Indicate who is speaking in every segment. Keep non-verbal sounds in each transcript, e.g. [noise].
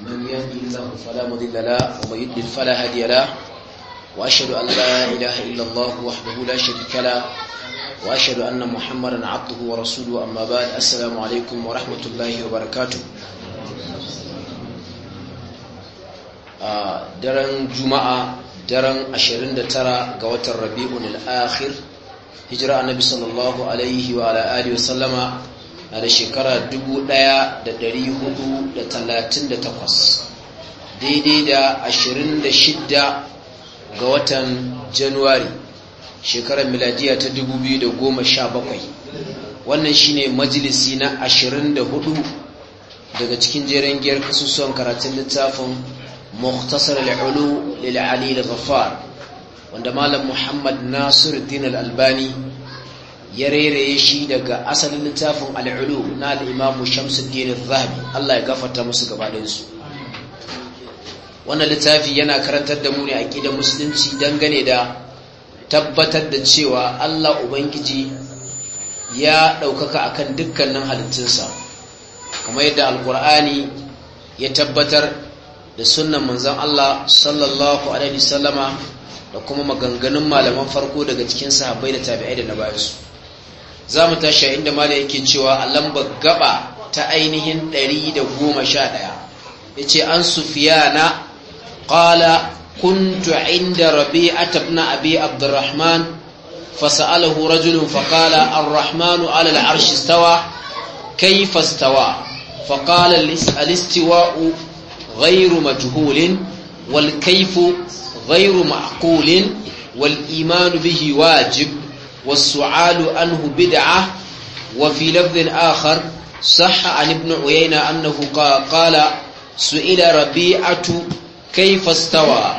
Speaker 1: من يهدي الله فلا مضل له ومن يضلل فلا هادي له واشهد ان لا اله الا الله وحده لا شريك له واشهد ان محمدا عبده ورسوله اما بعد السلام عليكم ورحمه الله وبركاته daren juma'a daren 29 ga watan rabi'un al-akhir hijira annabi sallallahu alaihi wa ala alihi wa sallama na da shekara 1438 daidai da 26 ga watan januwari shekarar miladiya ta 2017 wannan shine majalisi na 24 daga cikin jeren giyar kasusuwan karatun littafin muktasar al'ulu lil'ali da zafar wanda malam muhammad nasiru din al-albani ya rairaye shi daga asalin littafin al'ulu na al'imamu shamsuddin zahabi Allah ya gafarta musu gabaɗinsu wannan littafi yana karantar da mu ne aƙidar musulunci dangane da tabbatar da cewa Allah ubangiji ya ɗaukaka akan dukkanin halittunsa kamar yadda alkur'ani ya tabbatar da sunnan manzon Allah sallallahu alaihi sallama da kuma maganganun malaman farko daga cikin sahabbai da tabi'ai da na bayansu zamu tasha tashi a inda malam yake cewa a lambar gaba ta ainihin 111 ya ce an sufiyana kala kuntu inda rabi a tafna abi abdurrahman fasa'alahu rajulun faƙala arrahmanu alal arshi stawa kai fastawa faƙala alistiwa'u ghairu majhulin wal kaifu ghairu ma'qulin wal imanu bihi wajib والسعال عنه بدعة وفي لفظ آخر صح عن ابن عيينة أنه قال سئل ربيعة كيف استوى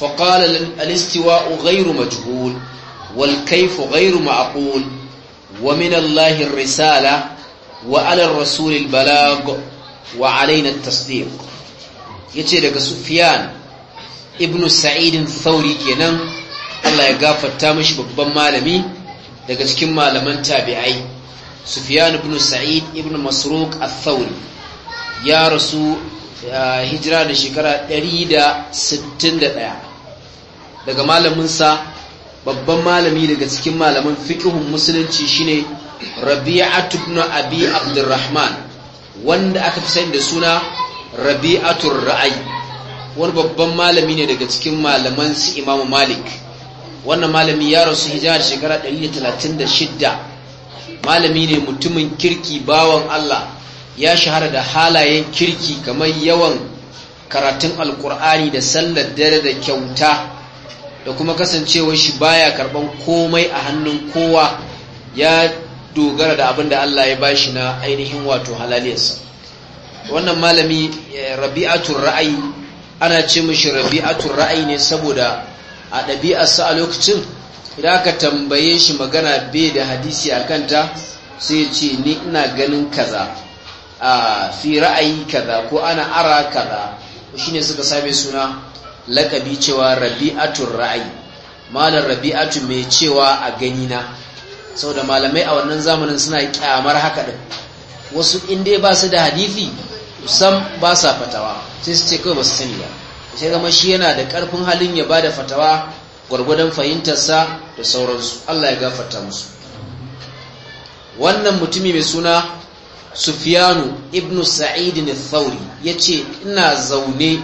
Speaker 1: فقال الاستواء غير مجهول والكيف غير معقول ومن الله الرسالة وعلى الرسول البلاغ وعلينا التصديق yace daga Sufyan ibn Sa'id al-Thawri kenan Allah ya gafarta mishi babban malami daga cikin malaman tabi'ai sufyan ibn sa'id ibn masruq al-thawri ya rasu hijira da shekara 161 daga malaminsa babban malami daga cikin malaman fiqhun musulunci shine rabi'atu ibn abi abdurrahman wanda aka fi sani da suna rabi'atul ra'ayi wani babban malami ne daga cikin malaman su imamu malik wannan malami ya rasu hijar shekara 136 malami ne mutumin kirki bawan Allah ya shahara da halayen kirki kamar yawan karatun alkur'ani da sallar dare da kyauta da kuma kasancewar shi baya karban komai a hannun kowa ya dogara da abin da Allah ya bashi na ainihin wato halaliyarsa wannan malami eh, rabi'atul ra'ayi ana ce mishi rabi'atul ra'ayi ne saboda a ɗabi'arsa a lokacin idan aka tambaye shi magana bai da hadisi a kanta sai ce ni ina ganin kaza a fi ra'ayi kaza ko ana ara kaza shi ne suka same suna lakabi cewa Rabi'atun ra'ayi malar rabi'atu mai cewa a ganina da malamai a wannan zamanin suna kyamar haka din wasu inda ba su da hadifi, sam ba sa fatawa sai su ce kawai ba su sani ba sai zama shi yana da ƙarfin halin ya ba da fatawa gwargwadon fahimtarsa da sauransu Allah ya gafarta musu wannan mutumi mai suna sufiyanu ibn sa'id al ya ce ina zaune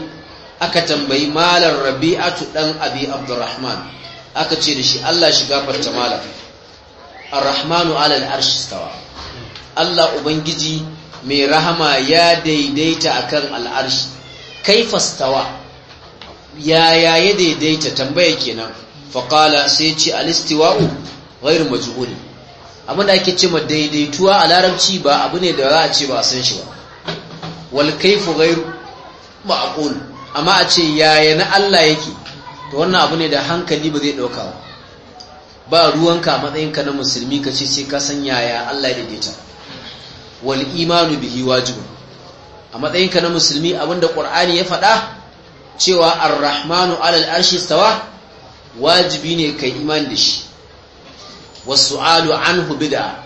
Speaker 1: aka tambayi malar rabi'atu dan abi abdurrahman aka ce da shi Allah shi gafarta malam arrahmanu alal al Allah ubangiji mai rahama ya daidaita akan al'arshi. Kai kaifa yaya ya daidaita tambaya kenan faƙala sai ce alistiwa'u ghairu majhuli abin da ake ma daidaituwa a larabci ba abu ne da za a ce ba a san shi ba wal kaifu ghairu ma'qul amma a ce yaya na Allah yake to wannan abu ne da hankali ba zai dauka ba ba ruwanka matsayinka na musulmi ka ce sai ka san yaya Allah ya daidaita wal imanu bihi wajibun a matsayinka na musulmi abinda qur'ani ya faɗa cewa ar-rahmanu alal arshi stawa wajibi ne kai imani da shi wasu'alu anhu bid'a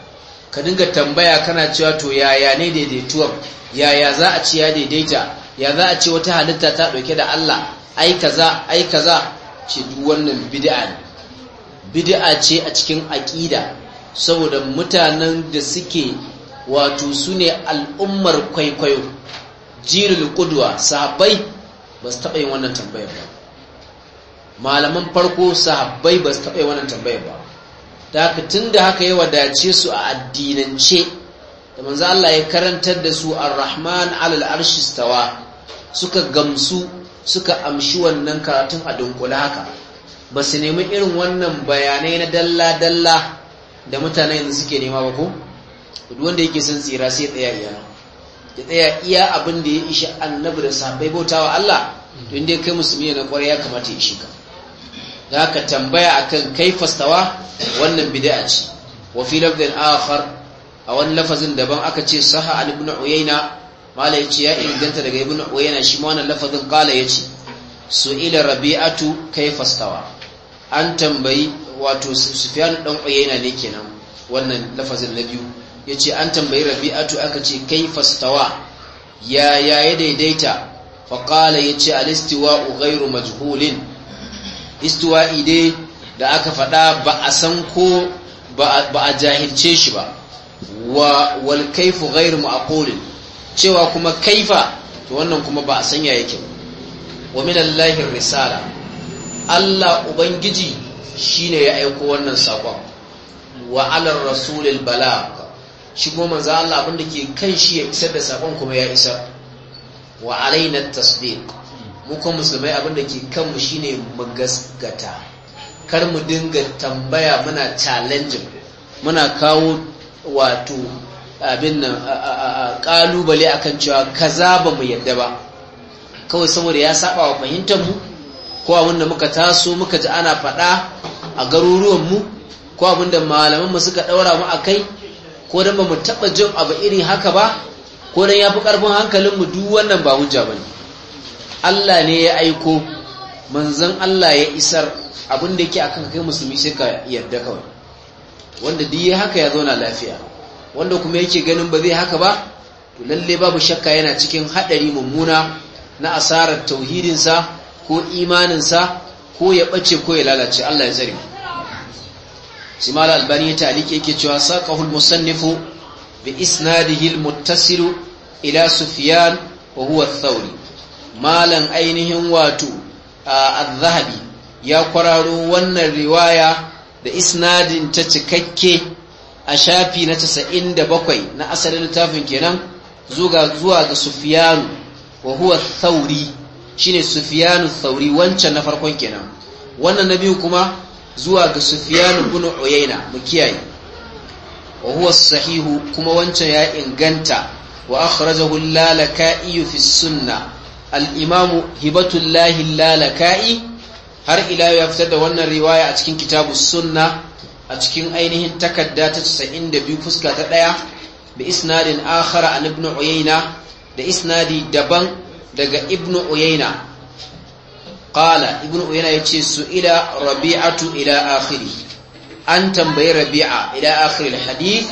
Speaker 1: ka dinga tambaya kana cewa to yaya ne daidaituwa yaya za a ce ya daidaita ya za a ce wata halitta ta dauke da Allah ai kaza ai kaza ce duk wannan bid'a bid'a ce a cikin aqida saboda mutanen da suke wato sune al'ummar kwaikwayo jirul qudwa sahabbai ba su taɓa yin wannan tambayar ba malaman farko sahabbai ba su taɓa yin wannan tambayar ba da haka tun da haka ya wadace su a addinance da manzo Allah ya karantar da su ar-rahman alal arshi stawa suka gamsu suka amshi wannan karatun a dunkule haka ba su nemi irin wannan bayanai na dalla-dalla da mutane yanzu suke nema ba ko wanda yake son tsira sai tsaya iyana Da tsaya iya abin da ya ishi annabi da bauta wa Allah to inda kai musulmi na kwarai ya kamata ya ishi ka da haka tambaya akan kai fastawa wannan bid'a ce wa fi lafzin akhar a wani lafazin daban aka ce saha al ibn uyayna mala yace ya inganta daga ibn uyayna shi ma wannan lafazin qala yace ila rabi'atu kai fastawa an tambayi wato sufyan dan uyayna ne kenan wannan lafazin na biyu ya ce an tambayi rabi'atu aka ce kai fastawa ya ya daidaita faƙala ya ce alistuwa ugairu majhulin istiwa ide da aka faɗa ba a san ko ba a jahilce shi ba wa wal kaifu ghairu ma'qulin cewa kuma kaifa to wannan kuma ba a san ya yake wa min Allahi risala Allah ubangiji shine ya aiko wannan saƙon. Wa'alar rasulil Bala. shi kuma manzo Allah abin da ke kan shi ya isar da sakon kuma ya isar? wa alaina tasdiq mu kuma musulmai abin da ke kan mu shine mu gaskata kar mu dinga tambaya muna challenge, muna kawo wato abin nan kalubale akan cewa kaza ba mu yadda ba kawai saboda ya saba wa fahimtar mu ko abin da muka taso muka ji ana faɗa a garuruwan mu ko abin da malaman mu suka ɗaura mu akai ko dan ba mu taba jin abu irin haka ba ko dan yafi karfin hankalin mu duk wannan ba hujja bane Allah ne ya aiko manzon Allah ya isar abin da yake akan kai musulmi sai ka yarda kawai wanda duk haka ya zauna lafiya wanda kuma yake ganin ba zai haka ba to lalle babu shakka yana cikin hadari mummuna na asarar tauhidinsa ko imaninsa ko ya bace ko ya lalace Allah ya zare shi mala albani ya taliki yake cewa saqahul musannifu bi isnadihi almuttasilu ila sufyan wa huwa ath malan ainihin wato az-zahabi ya kwararo wannan riwaya da isnadin ta cikakke a shafi na 97 na asalin littafin kenan zuwa zuwa ga sufyan wa huwa ath shine sufyan ath wancan na farkon kenan wannan na biyu kuma zuwa ga Sufyan ibn Uyayna mu kiyaye wa huwa sahihu kuma wancan ya inganta wa akhrajahu lalaka'i fi sunna al-imam hibatullahi lalaka'i har ila ya fitar da wannan riwaya a cikin kitabus sunna a cikin ainihin takadda ta 92 fuska ta daya bi isnadin akhara an ibn Uyayna da isnadi daban daga ibn Uyayna qala ibn uyana yace su ila rabi'atu ila akhiri an tambayi rabi'a ila akhiri alhadith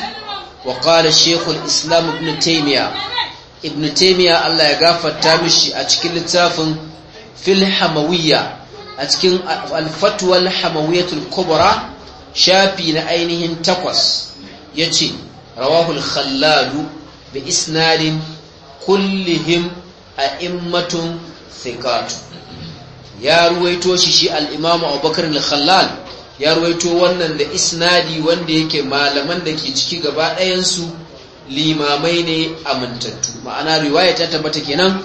Speaker 1: wa qala shaykh alislam ibn taymiya ibn taymiya Allah ya gafarta mishi a cikin littafin fil hamawiyya a cikin al hamawiyyatul kubra shafi na ainihin takwas yace rawahu al bi isnadin kullihim a'immatun thiqatu ya ruwaito shi shi al'imamu abubakar al-khallal ya ruwaito wannan da isnadi wanda yake malaman da ke ciki gaba ɗayansu limamai ne a mintattu ma'ana riwaya ta tabbata kenan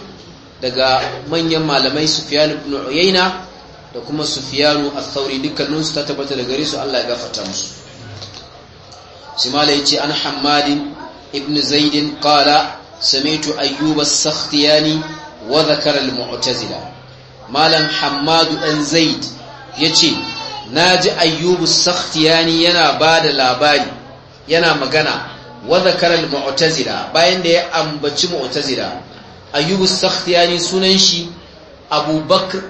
Speaker 1: daga manyan malamai Sufiyanu ibn uyayna da kuma Sufiyanu al-thawri dukkaninsu ta tabbata da gare su Allah ya gafarta musu simala yace an hammadin ibn zaidin qala sami'tu ayyuba as-sakhtiyani wa dhakara mutazila malam hamadu ɗan zaid ya ce na ji ayyubu sakhtiyani yana ba da labari yana magana wadda karar ma'otazira bayan da ya ambaci ma'otazira ayyubu sakhtiyani sunan shi abubakar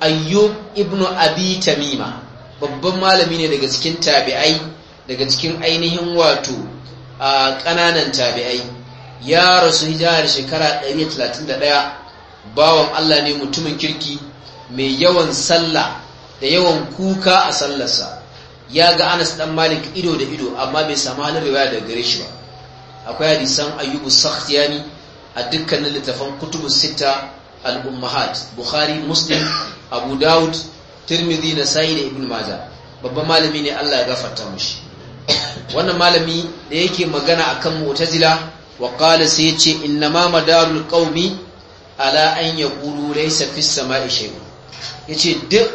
Speaker 1: ayyub ibn abi tamima babban malami ne daga cikin tabi'ai daga cikin ainihin wato a ƙananan tabi'ai ya rasu jihar shekara 131 bawan Allah ne mutumin kirki mai yawan sallah da yawan kuka a sallarsa ya ga Anas dan Malik ido da ido amma bai samu halin riwaya daga gare shi ba akwai hadisan Ayyubu Sakhtiyani a dukkanin littafan kutubu sita al-ummahat Bukhari Muslim Abu Dawud Tirmidhi Sa'i da Ibn Majah babban malami ne Allah ya gafarta mishi wannan malami da yake magana akan mu'tazila wa qala sai ya yace innama madarul qaumi ala an ya ƙulu laisa fi sama'i ya ce duk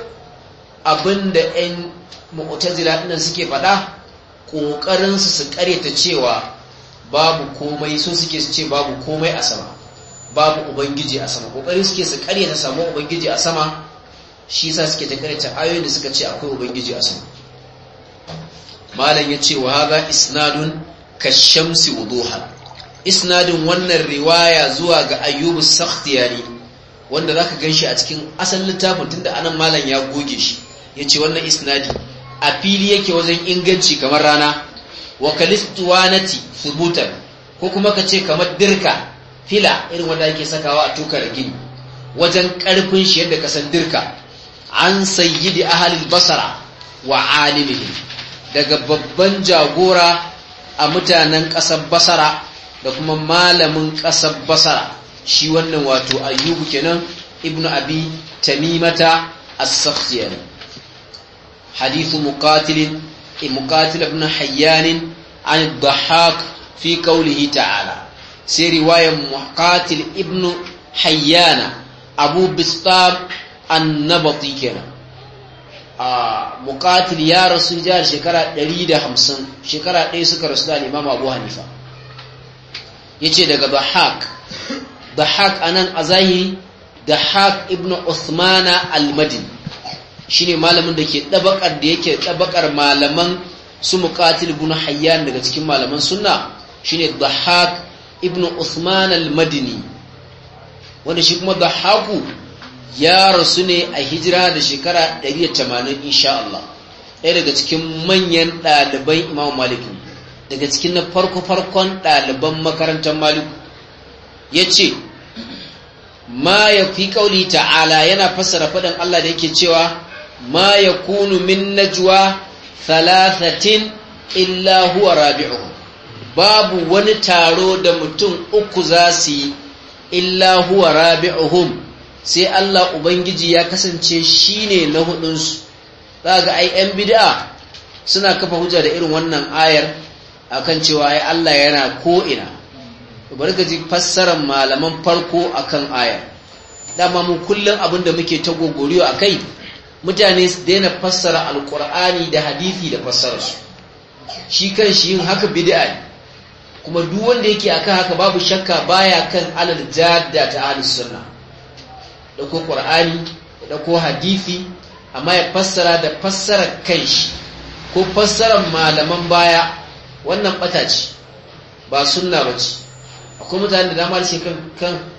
Speaker 1: abinda 'yan mu'tazila ɗin suke faɗa ƙoƙarinsu su su ƙareta cewa babu komai so suke su ce babu komai a sama babu ubangiji a sama ƙoƙarin suke su ƙareta samu ubangiji a sama shi sa suke ta ƙareta ayoyin da suka ce akwai ubangiji a sama malam ya ce wa haga isnadun kashamsi wuduhar? isnadin wannan riwaya zuwa ga ayyubu sakhtiyani wanda zaka shi a cikin asalin littafin tunda anan malam ya goge shi ya ce wannan isnadi a fili yake wajen inganci kamar rana wa kalistuwanati thubutan ko kuma kace kamar dirka fila irin wanda yake sakawa a tukar gini wajen karfin shi yadda kasan dirka an sayyidi ahalin basara wa alimihi daga babban jagora a mutanen ƙasar basara da kuma malamin ƙasar basara shi wannan wato ayyubu kenan ibn abi tamimata as-sakhtiyani hadithu muqatilin muqatil ibn hayyan an dhahak fi qawlihi ta'ala sai riwayar muqatil ibn hayyana abu bistab annabati kenan a muqatil ya rasu jihar shekara 150 shekara ɗaya suka rasu da imam abu hanifa yace daga Bahak Bahak anan a zahiri Dahak ibn usmana al-Madini shine malamin da ke dabakar da yake dabakar malaman su muqatil ibn Hayyan daga cikin malaman sunna shine bahak ibn Uthman al wanda shi kuma Dahaku ya rasu ne a hijira da shekara 180 insha Allah ɗaya daga cikin manyan ɗaliban Imam Malik daga cikin na farko-farkon ɗaliban makarantar maluku ya ce ma ya fi ƙauli ta'ala yana fassara faɗin Allah da yake cewa ma ya kunu min thalathatin illa huwa Rabi'u, babu wani taro da mutum uku za su yi illa huwa rabi'uhum sai Allah Ubangiji ya kasance shi ne na hudunsu za ga ai 'yan bid'a suna kafa hujja da irin wannan ayar akan cewa ya Allah yana ko'ina bari ka ji fassarar malaman farko akan aya dama mu kullum abin da muke ta gogoriyo a kai mutane su daina fassara Alƙur'ani da hadithi da fassararsu shi kan shi yin haka bid'a ne kuma duk wanda yake akan haka babu shakka baya kan alal jadda ta ahli sunna da ko qur'ani da ko hadisi amma ya fassara da fassarar kanshi ko fassarar malaman baya wannan bata ce ba sunna ba ce akwai mutane da dama ce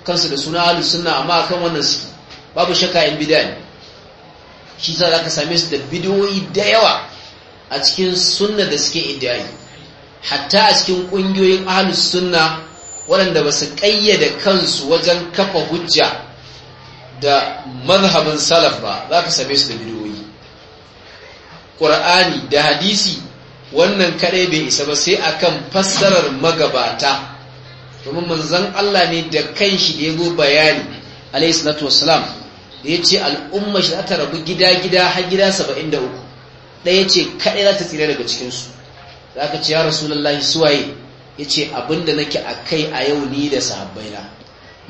Speaker 1: kansu da suna alu sunna amma akan wannan suke babu shakka in bid'a ne shi za ka same su da bidiyoyi da yawa a cikin sunna da suke idiyayi hatta a cikin kungiyoyin ahlus sunna waɗanda ba su ƙayyade kansu wajen kafa hujja da mazhabin salaf ba za ka same su da bidiyoyi ƙur'ani da hadisi wannan kadai bai isa ba sai akan fassarar magabata domin manzon Allah ne da kanshi da yago bayani alayhi salatu wassalam da yace al'umma shi za ta rabu gida gida har gida 73 ɗaya ce kadai za ta tsira daga cikin su zaka ce ya rasulullahi suwaye yace abinda nake akai a yau ni da sahabbaina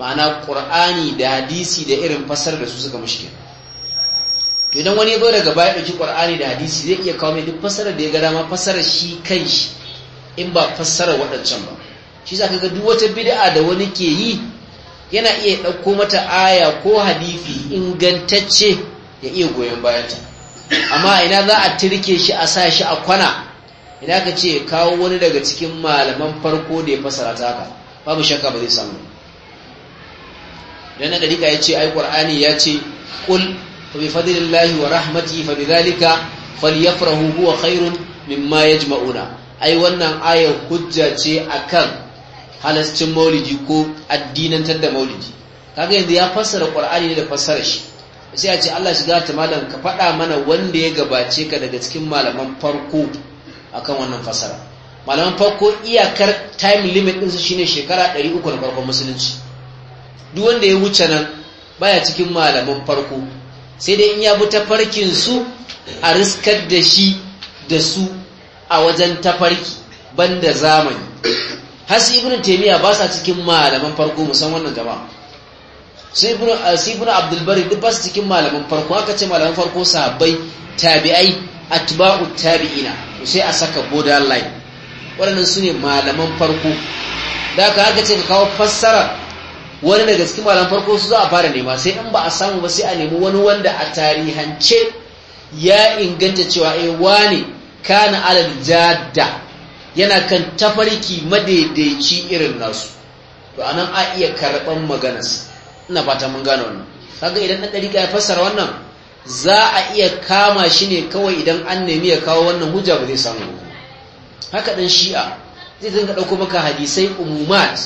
Speaker 1: ma'ana qur'ani da hadisi da irin fassarar da su suka mushkila to idan wani ya zo daga baya ɗauki ƙwar'ani da hadisi zai iya kawo mai duk fassarar da ya ga dama fassarar shi kan shi in ba fassarar waɗancan ba shi za ka ga duk wata bid'a da wani ke yi yana iya ɗauko mata aya ko hadifi ingantacce ya iya goyon bayanta amma ina za a tirke shi a sa shi a kwana ina ka ce kawo wani daga cikin malaman farko da ya fassara ta haka babu shakka ba zai samu dan da dika ai qur'ani ya ce فبفضل الله ورحمته فبذلك فليفرحوا هو خير مما يجمعون ai wannan ayar hujja ce akan halascin maulidi ko addinantar da maulidi kaga yanzu ya fassara qur'ani ne da fassara shi sai a ce Allah shiga ta malam ka faɗa mana wanda ya gabace ka daga cikin malaman farko akan wannan fassara malaman farko iyakar time limit ɗinsa shine shekara 300 da farkon musulunci duk wanda ya wuce nan baya cikin malaman farko sai dai in ya bi tafarkin su a riskar da shi da su a wajen tafarki banda zamani hasi ibn taymiya ba sa cikin malaman farko musamman wannan gaba su eh, ibn abdul bari duk ba su cikin malaman farko aka ce malaman farko sahabbai tabi'ai atba'u tabi'ina sai a saka borderline waɗannan su ne malaman farko da aka haka ce ka kawo fassara wani daga cikin malam farko su za a fara nema sai in ba a samu ba sai a nemi wani wanda a tarihance ya inganta cewa eh wane kana alal jadda yana kan tafarki madaidaici irin nasu to anan a iya karban maganarsa ina fata mun gane wannan kaga idan dan dariƙa ya fassara wannan za a iya kama shi ne kawai idan an nemi ya kawo wannan hujja ba zai samu haka ɗan shi'a zai dinga ɗauko maka hadisai umumat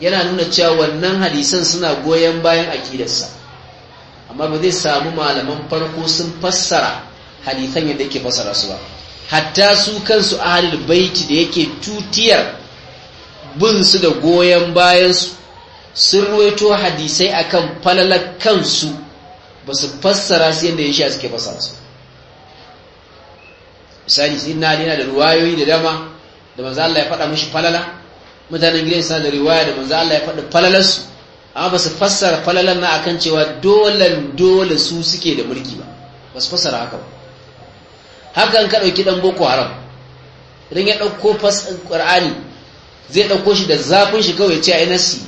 Speaker 1: yana nuna cewa wannan hadisan suna goyon bayan aƙidarsa amma ba zai samu malaman farko sun fassara hadisan yadda yake fassara su ba hatta su kansu ahlul baiti da yake tutiyar bin su da goyon bayan su sun ruwaito hadisai akan falalar kansu ba su fassara su yadda ya sha suke fassara su misali sai na da ruwayoyi da dama da manzo Allah ya faɗa mishi falala mutanen gidan sa da riwaya da manzo Allah ya faɗi falalarsu amma ba su fassara falalar na akan cewa dole dole su suke da mulki ba ba su fassara haka ba hakan ka ɗauki ɗan boko haram idan ya ɗauko ƙur'ani zai ɗauko shi da zafin shi kawai ce a nasi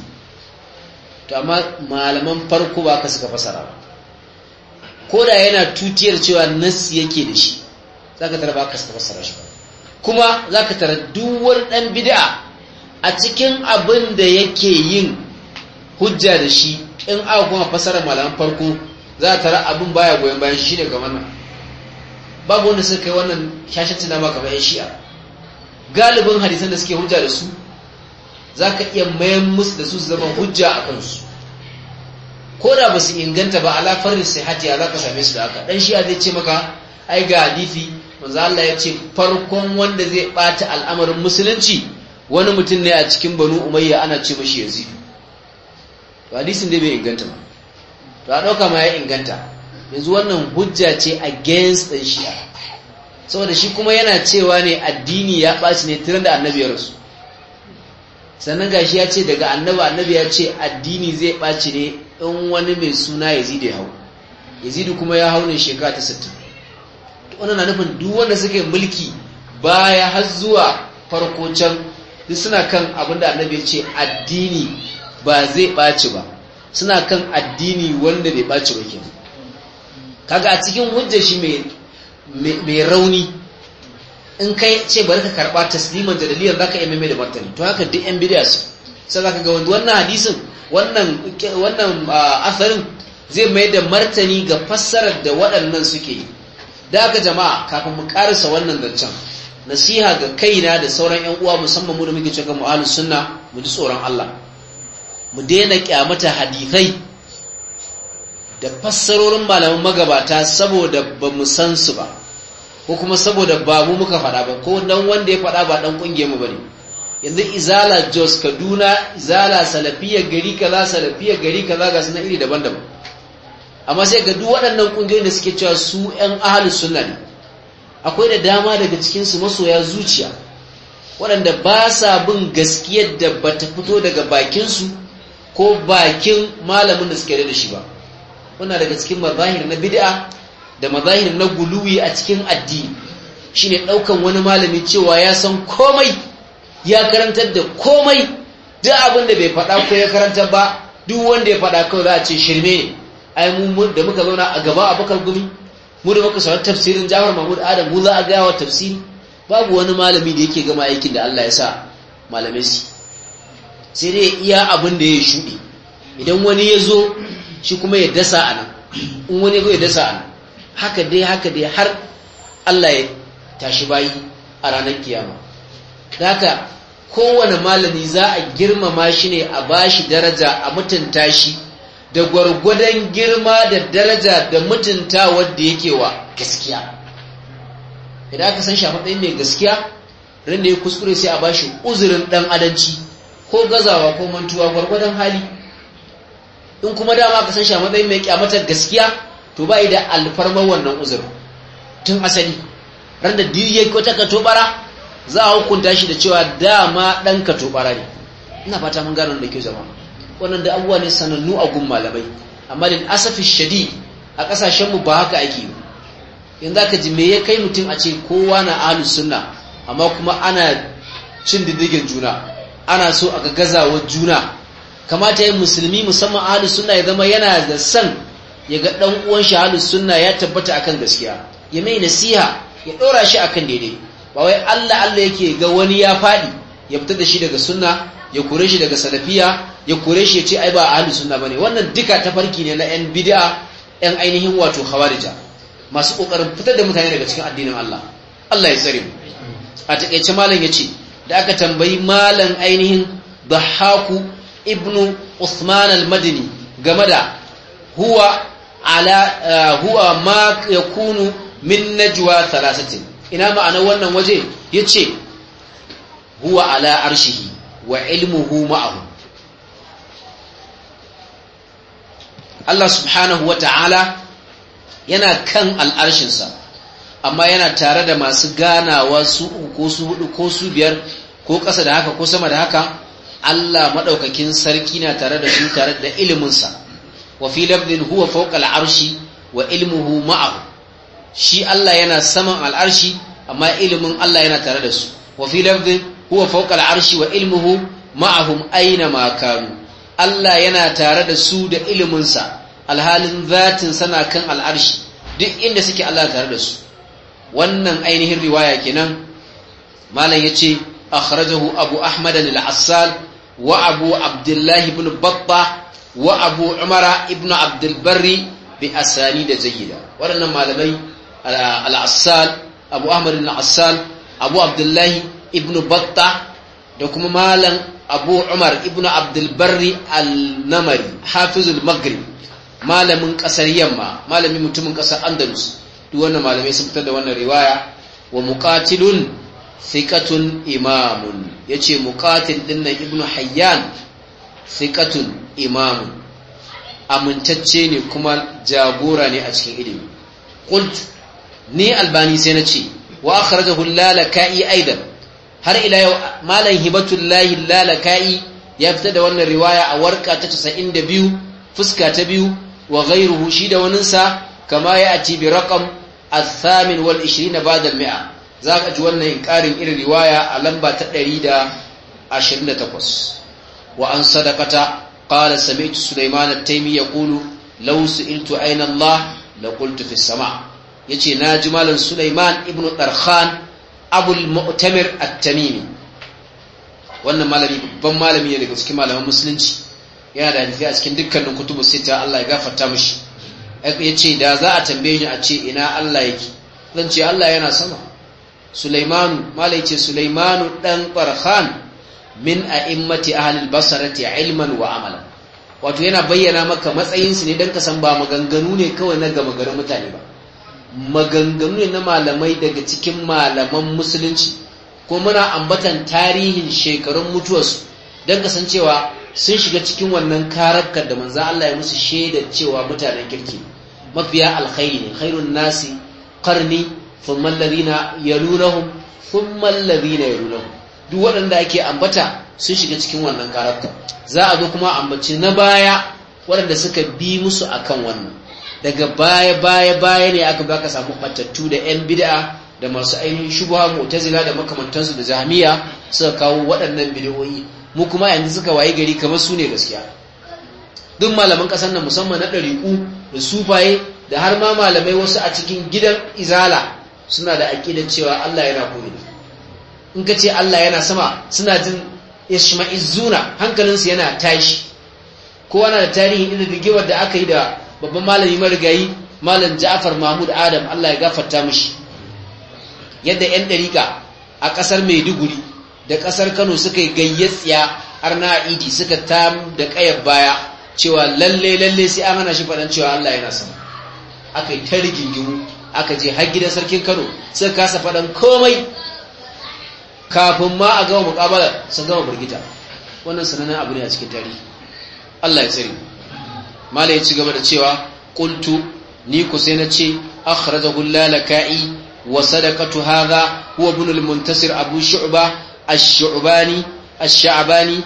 Speaker 1: to amma malaman farko ba ka suka fassara ba ko da yana tutiyar cewa nasi yake da shi za ka tara ba ka suka fassara shi ba kuma za ka tara duk wani ɗan bid'a a cikin abin da yake yin hujja da shi in aka kuma fasara malam farko za a tara abin baya goyon bayan shi ne kamar babu wanda suka kai wannan shashanci na maka bayan shi'a galibin hadisan da suke hujja da su za ka iya mayan musu da su su zama hujja a kansu ko da ba su inganta ba alafar da sai Hajiya za ka same su da haka dan shi'a zai ce maka ai ga hadithi manzo Allah ya ce farkon wanda zai bata al'amarin musulunci wani mutum ne a cikin banu umayya ana ce mashi yanzu to hadisin dai bai inganta ba to a ɗauka ma ya inganta yanzu wannan hujja ce against ɗan shi saboda shi kuma yana cewa ne addini ya ɓaci ne tiran da annabi ya rasu sannan gashi ya ce daga annabi annabi ya ce addini zai ɓaci ne in wani mai suna yazid ya hau yazid kuma ya hau ne shekara ta 60 wannan na nufin duk wanda suke mulki baya har zuwa farko can duk suna kan abin da annabi ce addini ba zai ɓaci ba suna kan addini wanda bai ɓaci ba kenan kaga a cikin hujja shi mai rauni in kai ce bari ka karɓa tasliman da daliyar za ka iya maimai da martani to haka duk yan bidiyar su sai za ka ga wannan hadisin wannan asarin zai mai da martani ga fassarar da waɗannan suke yi da haka jama'a kafin mu karasa wannan zancen nasiha ga kaina da sauran yan uwa musamman mu da muke cewa mu ahlus sunna mu ji tsoron Allah mu daina kyamata hadisai da fassarorin malaman magabata saboda ba mu san su ba ko kuma saboda ba mu muka faɗa ba ko dan wanda ya faɗa ba dan kungiyar mu bane yanzu izala jos kaduna izala salafiya gari kaza salafiya gari kaza ga sunan iri daban-daban amma sai ga duk waɗannan kungiyoyin da suke cewa su ƴan ahlus sunna ne akwai da dama daga cikinsu masoya zuciya waɗanda ba sa bin gaskiyar da ba ta fito daga bakinsu ko bakin malamin da suke da shi ba wannan daga cikin mazahir na bid'a da mazahir na guluwi a cikin addini shine ɗaukan wani malami cewa ya san komai ya karantar da komai duk abin da bai faɗa ko ya karantar ba duk wanda ya faɗa kawai za a ce shirme ne ai mu da muka zauna a gaba abakar gumi mu da muka tafsirin Jafar Mahmud Adam mu za a gaya wa tafsiri babu wani malami da yake gama aikin da Allah ya sa malamai su sai dai iya abin da ya shuɗe idan wani ya zo shi kuma ya dasa a nan in wani ya dasa a nan haka dai haka dai har Allah ya tashi bayi a ranar kiyama da haka kowane malami za a girmama shi ne a bashi daraja a mutunta shi da gwargwadon girma da daraja da mutunta wadda yake wa gaskiya idan aka san shafa mai gaskiya rinda ya kuskure sai a bashi uzurin ɗan adanci ko gazawa ko mantuwa gwargwadon hali in kuma dama aka san shafa ɗaya mai kyamata gaskiya to ba da alfarmar wannan uzurin tun asali randa diriye ko ta katobara za a hukunta shi da cewa dama ɗan katobara ne ina fata mun gano da kyau zama wannan da abubuwa ne sanannu a gun malamai amma da asafi shadi a kasashen mu ba haka ake yanzu aka ji me ya kai mutum a ce kowa na alu sunna amma kuma ana cin didigin juna ana so a gazawa juna kamata yin musulmi musamman alu sunna ya zama yana da san ya ga ɗan uwan shi alu sunna ya tabbata akan gaskiya ya mai nasiha ya ɗora shi akan daidai ba wai Allah Allah yake ga wani ya faɗi ya fita da shi daga sunna ya kure shi daga salafiya ya kore shi ya ce ai ba ahli sunna bane wannan duka tafarki ne na yan bid'a yan ainihin wato khawarija masu kokarin fitar da mutane daga cikin addinin Allah Allah ya tsare mu a takeice malam yace da aka tambayi malam ainihin Bahaku ibnu Usman al-Madini game da huwa ala eh, huwa ma yakunu min najwa thalathatin ina ma'ana wannan waje yace huwa ala arshihi wa ilmuhu ma'ahu Allah subhanahu wa ta'ala yana kan al'arshinsa amma yana tare da masu ganawa su ko su hudu ko su biyar ko ƙasa da haka ko sama da haka Allah maɗaukakin sarki na tare da su tare da iliminsa wa fi lafdin huwa fawqa al'arshi wa ilmuhu ma'ahu shi Allah yana saman al'arshi amma ilimin Allah yana tare da su wa fi lafdin huwa fawqa al'arshi wa ilmuhu ma'ahum aina ma kanu Allah yana tare da su da iliminsa alhalin zatin sana kan al'arshi duk inda suke Allah tare da su wannan ainihin riwaya kenan malam yace akhrajahu abu ahmad al wa abu abdullah ibn batta wa abu umara ibn abdul bi asani da jayyida waɗannan malamai al abu ahmad abu Abdullahi ibn da kuma malam abu umar ibnu abdulbarri al-namari hafizul maghrib malamin kasar yamma malamin mutumin kasar andalus duk wannan malamai sun fitar da wannan riwaya wa muqatilun thiqatun imamun yace muqatil dinnan ibnu hayyan thiqatun imamun amintacce ne kuma jagora ne a cikin ilimi qult ni albani sai na ce wa akhrajahu lalaka'i aidan har ila yau malam hibatullahi lalaka'i ya fita da wannan riwaya a warka ta 92 fuska ta biyu wa ghairuhu shi da waninsa kama ya ati bi raqam al-thamin wal 20 ba'da al-mi'a zaka ji wannan ƙarin irin riwaya a lamba ta 128 wa an sadaqata qala sami'tu sulaiman at-taymi yaqulu law su'iltu ayna Allah la qultu fi as-sama' yace ji malam sulaiman ibnu darkhan abul mu'tamir at-tamimi wannan malami babban malami ne daga cikin malaman musulunci yana da hadisi a cikin dukkanin kutubu sita Allah ya gafarta mishi yace da za a tambaye shi a ce ina Allah yake zan ce Allah yana sama Sulaimanu malai ce Sulaimanu dan Farhan min a'immati ahlil basarati ilman wa amala. wato yana bayyana maka matsayinsu ne dan ka san ba maganganu ne kawai na gama garin mutane ba maganganu ne na malamai daga cikin malaman musulunci ko muna ambatan tarihin shekarun mutuwarsu don kasancewa sun shiga cikin wannan karabkar da manzan Allah ya musu shaidar cewa mutanen kirki mafiya alkhairi ne khairun nasi karni thumma alladhina yalunahum thumma alladhina yalunahum duk waɗanda ake ambata sun shiga cikin wannan karabkar za a zo kuma ambaci na baya waɗanda suka bi musu akan wannan daga baya baya baya ne aka baka samu batattu da yan bid'a da masu ainihin shubha mu'tazila da makamantansu da jahmiya suka kawo waɗannan bidiyoyi mu kuma yanzu suka waye gari kamar su ne gaskiya duk malaman ƙasar nan musamman na ɗari ɗariƙu da sufaye da har ma malamai wasu a cikin gidan izala suna da aƙidar cewa Allah yana ko'ina in ka ce Allah yana sama suna jin ishma'izuna hankalinsu yana tashi kowa na da tarihin irin rigimar da aka yi da babban malami marigayi malam Ja'far Mahmud Adam Allah ya gafarta mashi yadda 'yan ɗarika a ƙasar Maiduguri da ƙasar Kano suka yi gayyatsiya arna idi suka tam da ƙayar baya cewa lalle lalle sai an hana shi faɗan cewa Allah yana sama aka yi ta rigingimu aka je har gidan sarkin Kano suka kasa faɗan komai kafin ma a gama muƙabala sun gama burgita wannan sanannen abu ne a cikin tarihi Allah ya tsare mala ya ci gaba da cewa qultu ni ku sai na ce akhrajahu lalaka'i wa sadaqatu hadha huwa ibn al-muntasir abu shu'ba ash-shu'bani ash-sha'bani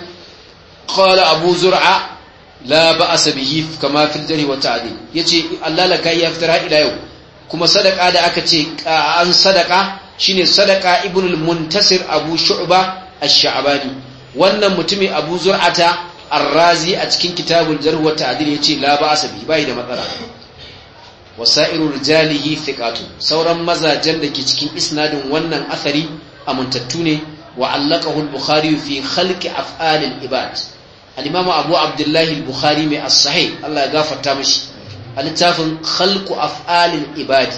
Speaker 1: qala abu zur'a la ba'sa bihi kama fil wa ta'dil yace Allah ya fitara ila yau kuma sadaka da aka ce an sadaka shine sadaka ibn al-muntasir abu shu'ba ash-sha'bani wannan mutumi abu zur'ata arrazi a cikin kitabun jarh wa ya yace la ba'sa bi bai da matsala wasairu rijalihi thiqatu sauran mazajen da ke cikin isnadin wannan athari amintattu ne wa allaqahu al-bukhari fi khalqi af'al al-ibad al-imam abu abdullahi al-bukhari mai as-sahih Allah ya gafarta mishi al-tafin khalqu af'al al-ibad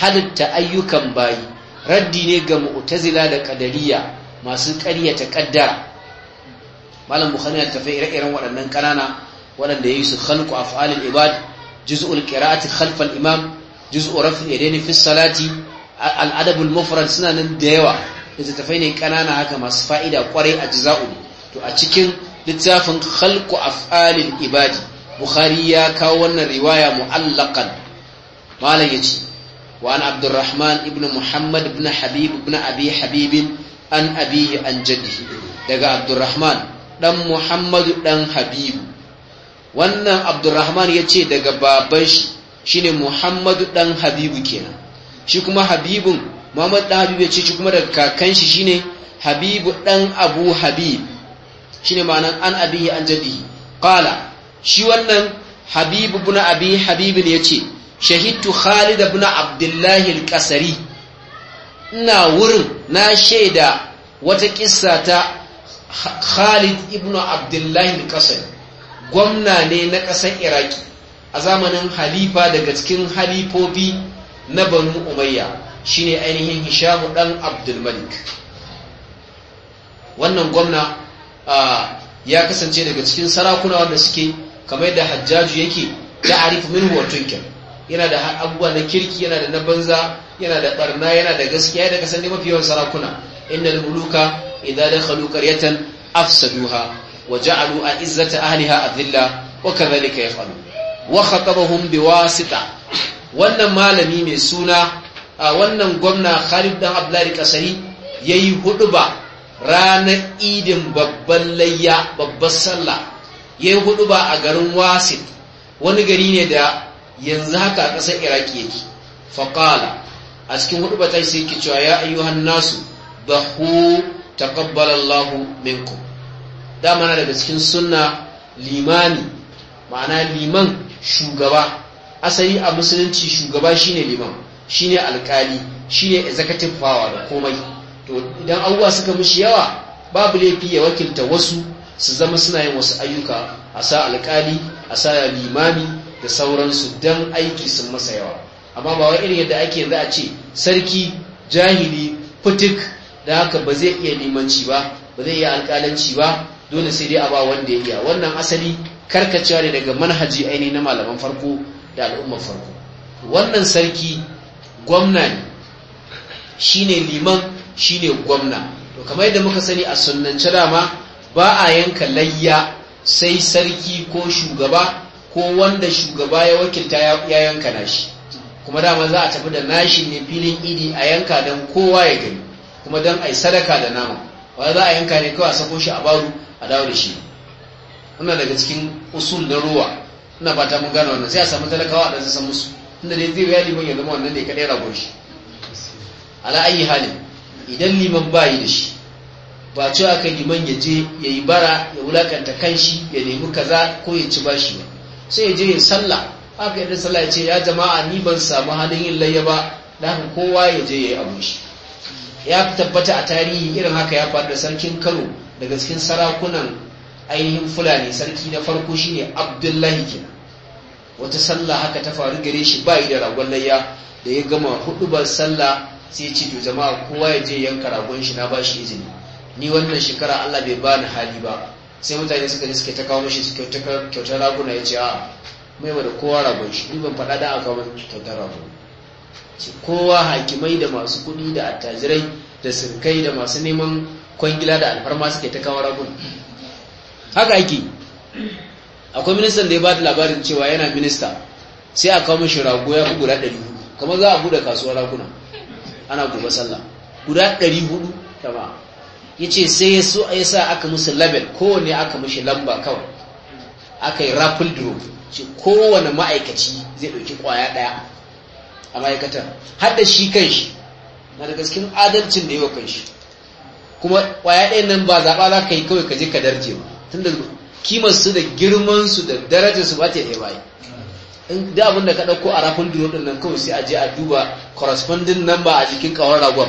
Speaker 1: halitta ayyukan bayi raddi ne ga mu'tazila da qadariyya masu ƙaryata ƙaddara. malam bukhari ya tafi ire-iren waɗannan ƙanana waɗanda ya yi su khalqu af'alil ibad juz'ul qira'ati khalfal imam juz'u raf'i yadaini fi salati al-adabul mufrad suna nan da yawa littattafai ne ƙanana haka masu fa'ida kwarai a jaza'u to a cikin littafin khalqu af'alil ibadi bukhari ya kawo wannan riwaya mu'allaqan malam yace an عبد الرحمن ابن محمد بن Habib بن abi حبيب an أبيه an جده daga عبد ɗan muhammadu ɗan habibu wannan abdurrahman ya ce daga baban shi shine muhammadu ɗan habibu kenan shi kuma habibun muhammadu ɗan habibu ya ce shi kuma daga kakan shi shine habibu ɗan abu habib shine ma'ana an abihi an jaddihi qala shi wannan habibu buna abi ne ya ce shahidtu khalid buna abdullahi al-qasari ina wurin na shaida wata kissa ta khalid Ibnu abdullahi kasar gwamna ne na ƙasar iraki a zamanin halifa daga cikin halifofi na banu umayya shine ainihin hishamu dan abdulmalik wannan gwamna ya kasance daga cikin sarakuna wanda suke kamar da hajjaju yake da arifu min watunkin yana da abubuwa na kirki yana da na banza yana da barna yana da gaskiya da kasan mafi yawan sarakuna innal muluka idza dakhalu qaryatan afsaduha wa ja'alu a'izzata ahliha adilla wa kadhalika yaf'alu wa khatabahum biwasita wannan malami mai suna a wannan gwamna Khalid dan Abdullahi Kasari yayi huduba ranar idin babban layya babbar sallah yayi huduba a garin Wasit wani gari ne da yanzu haka ƙasar Iraki yake a cikin hudu ba ta sai yake cewa ya ayyuhan nasu dahu taqabbalallahu minkum dama na daga cikin sunna limani ma'ana liman shugaba asali a musulunci shugaba shine liman shine alkali shine executive power da komai to idan abubuwa suka mishi yawa babu laifi ya wakilta wasu su zama suna yin wasu ayyuka a sa alkali a sa limami da sauransu don aiki sun masa yawa amma ba wai irin yadda ake yanzu a ce sarki jahili fitik da haka ba zai iya limanci ba ba zai iya alƙalanci ba dole sai dai a ba wanda ya iya wannan asali karkacewa ne daga manhaji aini na malaman farko da al'ummar farko wannan sarki gwamna ne shine liman ne gwamna to kamar yadda muka sani a sunnance dama ba a yanka layya sai sarki ko shugaba ko wanda shugaba ya wakilta ya yanka nashi kuma dama za a tafi da nashi ne filin idi a yanka don kowa ya gani kuma don a yi sadaka da nama ba za a yanka ne kawai a sako shi a baru a dawo da shi wannan daga cikin usul na ruwa ina fata mun gane wannan sai a samu talakawa da san musu tunda dai zai yali ban ya zama wannan ne kadai rago shi ala ayi hali idan liman ba yi da shi ba cewa aka liman ya je ya yi bara ya wulakanta kanshi ya nemi kaza ko ya ci bashi ba sai ya je ya sallah haka da sallah ya ce ya jama'a ni ban samu halin yin layya ba da haka kowa ya je ya yi abun shi ya tabbata a tarihi irin haka ya faru da sarkin kano daga cikin sarakunan ainihin fulani sarki na farko shine abdullahi kenan wata sallah haka ta faru gare shi ba yi da ragon layya da ya gama hudubar sallah sai ce to jama'a kowa ya je yanka ragon shi na bashi izini ni wannan shekara Allah bai bani hali ba sai mutane suka je suke ta kawo mashi kyautar raguna ya ce a mai da kowa ragon shi ni ban faɗa da kawo kyautar ragon kowa hakimai da masu kuɗi da attajirai da sirkai da masu neman kwangila da alfarma suke ta kawo ragun haka ake akwai ministan da ya ba da labarin cewa yana minista sai a kawo mashi rago ya fi guda 400 kamar za a buɗe kasuwar raguna ana gobe sallah guda 400 kama. ya ce sai ya so a yasa aka musu label kowane aka mashi lamba kawai aka yi rapid drop kowane ma'aikaci zai ɗauki ƙwaya ɗaya a ma'aikatar har da shi kanshi na da gaskin adalcin da yi wa shi kuma kwaya ɗaya nan ba zaɓa za ka yi kawai ka je ka darje ba tun da kimar su da girman su da darajar su ba ta yi bayi in da abin da ka ɗauko a rafin duro ɗin nan kawai sai a je a duba corresponding number a jikin kawar ragon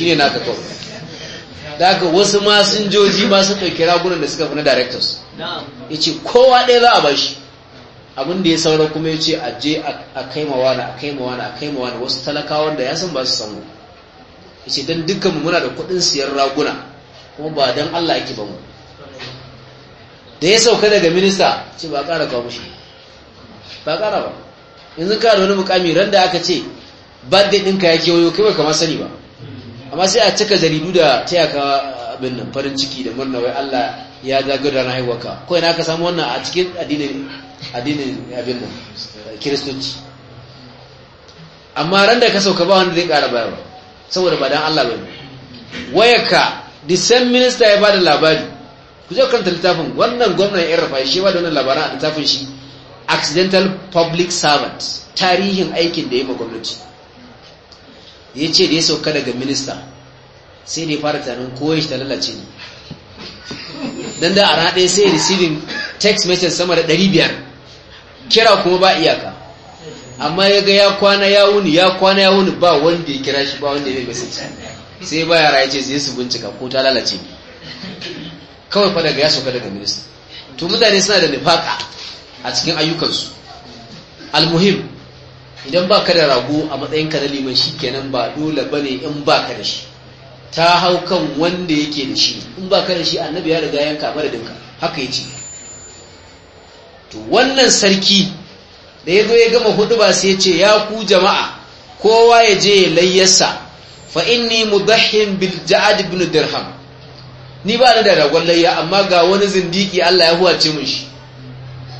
Speaker 1: ne naka kawai da haka wasu masinjoji ma sun ɗauki ragunan da suka fi na directors ya ce kowa ɗaya za a bashi abin da ya saura kuma ya ce a je a kaimawa na a kaimawa na a kaimawa na wasu talakawar da ya san ba su samu ya ce don dukkanmu muna da kuɗin siyan raguna kuma ba don Allah yake ba mu da ya sauka daga minista ce ba ƙara kawo mushi ba ƙara ba yanzu ka da wani mukami ran da aka ce ba da ɗinka ya ke kai ba kamar sani ba amma sai a cika jaridu da taya ka abin nan farin ciki da murna wai Allah ya zagar da na haihuwa ka kawai na ka samu wannan a cikin addinin addinin abin nan kiristoci amma ran da ka sauka ba wanda zai ƙara bayarwa saboda ba dan Allah bane wayaka the same minister ya bada labari ku je kan littafin wannan gwamnan ya rafa shi ba da wannan labaran a littafin shi accidental public servant tarihin aikin da ya ma gwamnati ya ce da ya sauka daga minista sai da ya fara tunanin koyon shi ta lalace ne Dan da a ranar sai receiving text message sama da 500 kira kuma ba iyaka amma ya ga ya kwana ya wuni ya kwana ya wuni ba wanda ya kira shi ba wanda ya mai basirci sai ba yara ya ce zai su bincika ko ta lalace ne kawai fa daga ya sauka daga minista to mutane suna da nifaka a cikin ayyukansu almuhim idan ba ka da rago a matsayinka na liman shi kenan ba dole ba ne in ba ka da shi ta hau kan wanda yake da shi in ba ka da shi annabi ya riga yanka mara dinka haka ya ce to wannan sarki da ya zo ya gama hudu ba sai ya ce ya ku jama'a kowa ya je ya layyasa, fa inni mudahhin bil ja'ad ibn dirham ni ba ni da ragon layya amma ga wani zindiki Allah ya huwace mun shi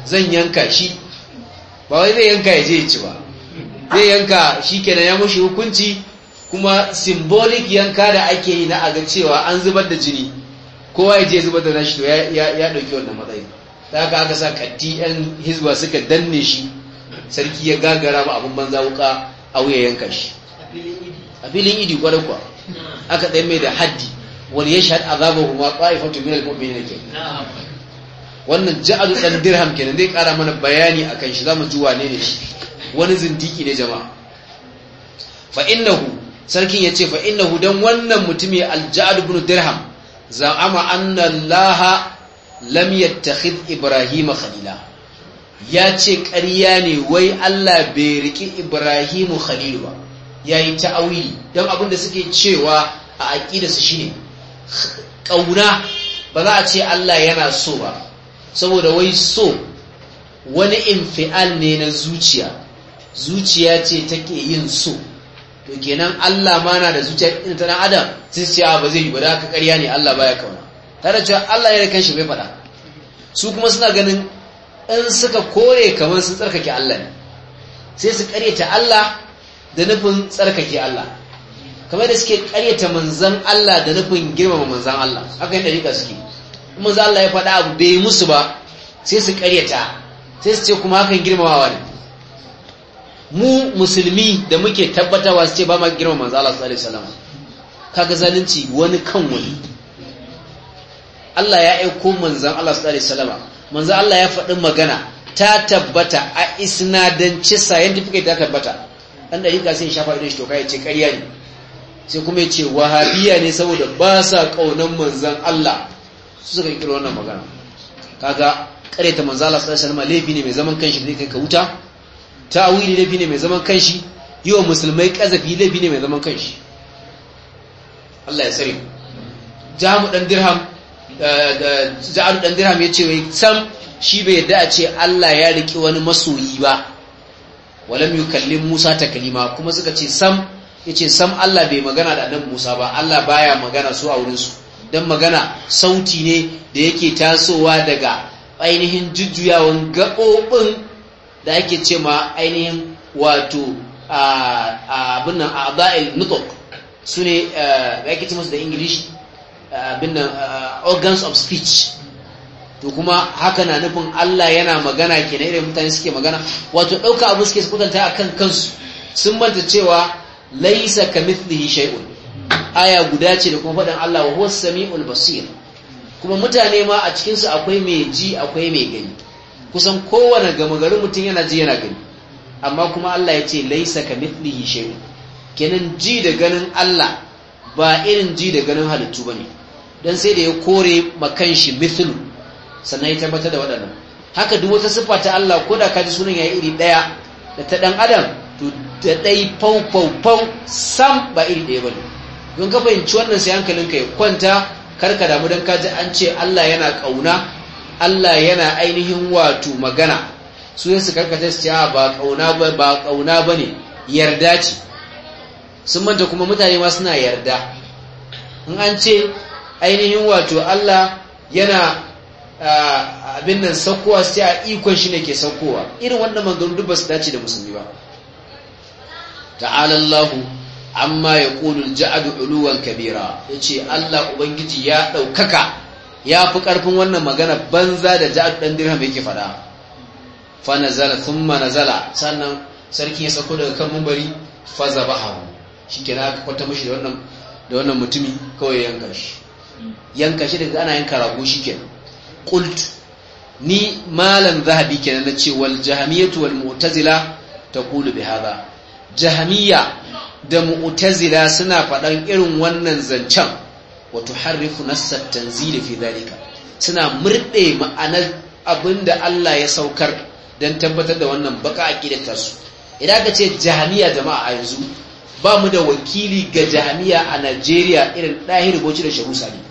Speaker 1: zan yanka shi ba wai zai yanka ya je ya ci ba zai yanka shi kenan ya mushi hukunci kuma symbolic yanka da ake yi na aga cewa an zubar da jini kowa ya je zubar da nashi to ya ya dauki wannan matsayin da haka aka sa kaddi yan hizba suka danne shi sarki ya gagara ma abin banza wuka a wuya yanka shi a filin idi kwarai kwa aka tsaye mai da haddi wani ya shahad azaba kuma qa'ifatu min al-mu'minin ke wannan ja'adu dan dirham kenan zai kara mana bayani akan shi za mu ji wane ne shi wani zindiki ne jama'a fa innahu sarkin ce fa innahu dan wannan mutumi al-ja'ad ibn dirham za'ama anna allaha lam yattakhid ibrahima khalila ya ce ƙarya ne wai Allah bai riki ibrahimu khalilu ba yayi ta'awili dan abin da suke cewa a aƙida su shine Ƙauna ba za a ce Allah yana so ba saboda wai so wani infial ne na zuciya zuciya ce take yin so to kenan Allah ma na da zuciya ɗin ta adam sai ce ba zai yi ba da haka ƙarya ne Allah baya kauna tare cewa Allah ya rikan shi bai faɗa su kuma suna ganin in suka kore kamar sun tsarkake Allah ne sai su karyata Allah da nufin tsarkake Allah kamar da suke karyata manzan Allah da nufin girmama manzan Allah haka yin ɗariƙa suke manzan Allah ya faɗa abu bai musu ba sai su karyata sai su ce kuma hakan girmamawa ne mu musulmi da muke tabbatawa su ce ba ma girmama manzan Allah sallallahu alaihi wasallam kaga zalunci wani kan wani Allah ya aiko manzan Allah sallallahu alaihi wasallam manzan Allah ya faɗi magana ta tabbata a isnadance scientific ta tabbata dan dariƙa sai shafa idan shi to kai ce ƙarya ne sai kuma ya ce wahabiya ne saboda ba sa ƙaunar manzan Allah su suka kiro wannan magana kaga ta manzan Allah sallallahu alaihi wasallam laifi ne mai zaman kanshi da kai ka wuta ta'awili laifi ne mai zaman kanshi yi wa musulmai ƙazafi laifi ne mai zaman kanshi Allah ya tsare jamu dan dirham za'adu eh, dan dirham ya ce wai sam shi bai yadda a ce Allah ya riki wani masoyi ba walam yukallim Musa Kalima kuma suka ce sam yace sam Allah bai magana da nan Musa ba Allah baya magana su a wurin su dan magana sauti ne da yake tasowa daga ainihin jujjuyawan gaɓoɓin da ake ce ma ainihin wato a abin nan a ba'il nutuk su ne eh, da ake ce musu da ingilishi Eh, abin eh, organs of speech to kuma haka na nufin Allah yana magana kenan irin mutane suke magana wato ɗauka abu suke su kudanta a kan kansu sun manta cewa laisa ka mithlihi shay'un aya guda ce da kuma faɗin Allah wa huwa samiul basir kuma mutane ma a cikin su akwai mai ji akwai mai gani kusan kowane gama magarin mutum yana ji yana gani amma kuma Allah ya ce laisa ka mithlihi shay'un kenan ji da ganin Allah ba irin ji da ganin halittu bane don sai da ya kore makan shi mithlu sannan ya tabbatar da waɗannan haka duk wata siffa ta Allah ko da ka ji sunan yayi iri ɗaya da ta ɗan adam to da dai fau fau fau sam ba iri ɗaya ba don ka fahimci wannan sai hankalinka ya kwanta karka damu don ka ji an ce Allah yana kauna Allah yana ainihin wato magana su su karkata su ce ah, ba kauna ba ba ƙauna ba ne yarda ce sun manta kuma mutane ma suna yarda in an ce ainihin wato Allah yana abin nan saukowa sai a ikon shi ne ke saukowa irin wannan mangaru duk ba su dace da musulmi ba Ta'alallahu amma ya qulu ja'adu uluwan kabira yace Allah ubangiji ya ɗaukaka ya fi karfin wannan magana banza da ja'ad dan dirham yake fada fa nazala thumma nazala sannan sarki ya sauko daga kan mumbari fa zabahu shikenan aka kwata mishi da wannan da wannan mutumi kawai yanka shi yanka shi daga ana yanka rago shi ke kult ni malam zahabi kenan na ce wal jahamiyatu wal mu'tazila kulu bi jahamiya da mu'tazila suna faɗan irin wannan zancen wa tuharrifu nassat tanzil fi dhalika suna murɗe ma'anar abinda Allah ya saukar dan tabbatar da wannan baka a su idan ka ce jahamiya jama'a a yanzu ba mu da wakili ga jahamiya a Najeriya irin ɗahir goci da shahu sani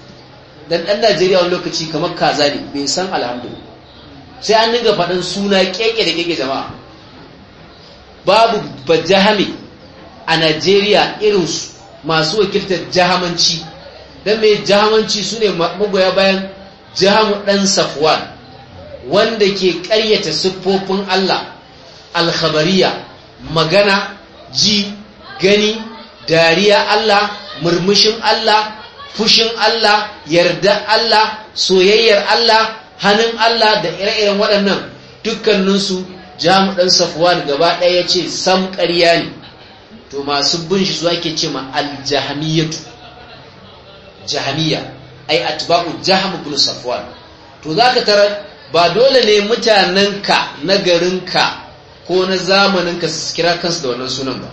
Speaker 1: dan dan Najeriya wani lokaci kamar kaza ne bai san alhamdu sai an dinga faɗin suna keke da keke jama'a babu bajahami a Najeriya irinsu masu wakiltar jahamanci dan mai jahamanci su ne magoya bayan jahamu ɗan safwan wanda ke ƙaryata siffofin Allah alkhabariya magana ji gani dariya Allah murmushin Allah fushin Allah yarda Allah soyayyar Allah hannun Allah da ire-iren waɗannan dukkaninsu jami'an safwan gaba ɗaya ya ce sam ƙarya ne to masu bin shi zuwa ke ce ma aljahamiyatu jahamiya ai atba'u jaham bin safwan to zaka tara ba dole ne mutanenka na garinka ko na zamaninka su kira kansu da wannan sunan ba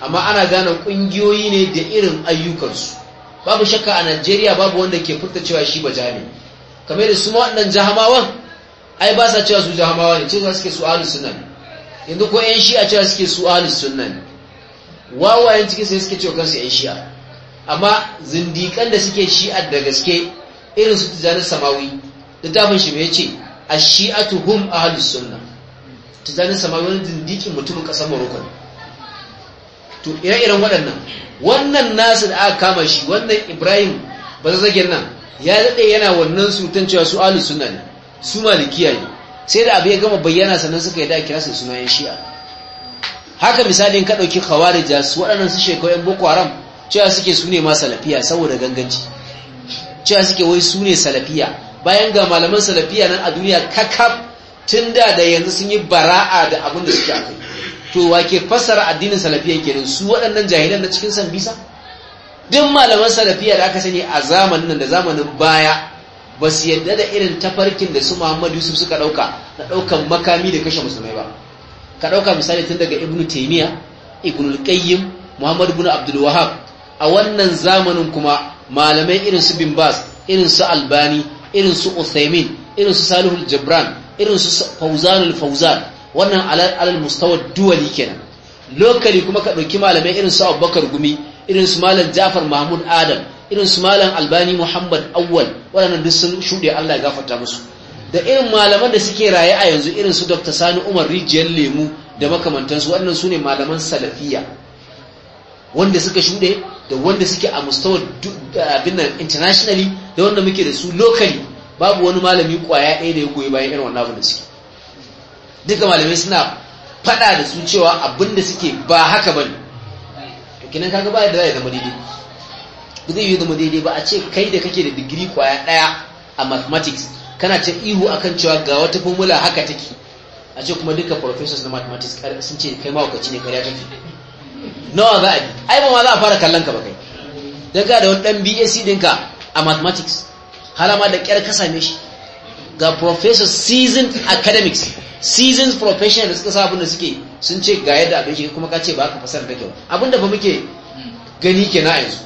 Speaker 1: amma ana gane ƙungiyoyi ne da irin ayyukansu babu shakka a Najeriya babu wanda ke furta cewa shi ba jami kamar da su waɗannan jahamawan ai ba sa cewa su jahamawa ne cewa suke su ahlus sunna yanzu ko yan shi'a cewa suke su ahlus sunna ne wawayen cikin sai suke cewa kansu yan shi'a amma zindikan da suke shi'a da gaske irin su tijani samawi littafin shi mai ce a shiatu hum ahlus sunna tijani samawi wani zindikin mutumin kasar Morocco to ire-iren waɗannan wannan nasu da aka kama shi wannan ibrahim ba zagen nan ya daɗe yana wannan sutan cewa su alu suna ne su malikiya ne sai da abu ya gama bayyana sannan suka yi da kira su suna shi'a haka misali in ka ɗauki khawarija jasu waɗannan su shekau yan boko haram cewa suke su ne ma salafiya saboda ganganci cewa suke wai su ne salafiya bayan ga malaman salafiya nan a duniya kakaf tun da da yanzu sun yi bara'a da abin da suke akwai. to wa fassara addinin salafiya kenan su waɗannan jahilan na cikin bisa? duk malaman salafiya da aka sani a zamanin nan da zamanin baya ba su yadda da irin tafarkin da su Muhammad Yusuf suka dauka na daukan makami da kashe musulmai ba ka dauka misali tun daga Ibn Taymiyyah Ibn al-Qayyim Muhammad ibn Abdul Wahhab a wannan zamanin kuma malamai irin su Bin Bas irin su Albani irin su Uthaymeen irin su Salihul Jabran irin su Fawzanul Fawzan wannan alal mustawa duwali kenan lokali kuma ka ɗauki malamai irin su abubakar gumi irin su malam jafar mahmud adam irin su malam albani muhammad awwal waɗannan duk sun shuɗe allah ya gafarta musu da irin malaman da suke raye a yanzu irin su dr sani umar rijiyar lemu da makamantansu waɗannan su ne malaman salafiya wanda suka shuɗe da wanda suke a mustawar abin nan internationally da wanda muke da su lokali, babu wani malami kwaya ɗaya da ya goyi bayan irin wannan abin da suke duka malamai suna fada da su cewa abinda suke ba haka bane to kinan kaga ba da zama daidai ba zai yi zama daidai ba a ce kai da kake da digiri kwaya ɗaya a mathematics kana ta ihu akan cewa ga wata formula haka take a ce kuma duka professors na mathematics sun ce kai mawakaci ne ya tafi. nawa za a yi ai ba ma za a fara kallon ka ba kai dan ga da wani dan BSc dinka a mathematics har ma da kyar ka same shi ga professors seasoned academics seasons profession da suka sa abin da suke sun ce ga yadda abin shi kuma ka ce ba ka fasar da kyau abin da ba muke gani ke na yanzu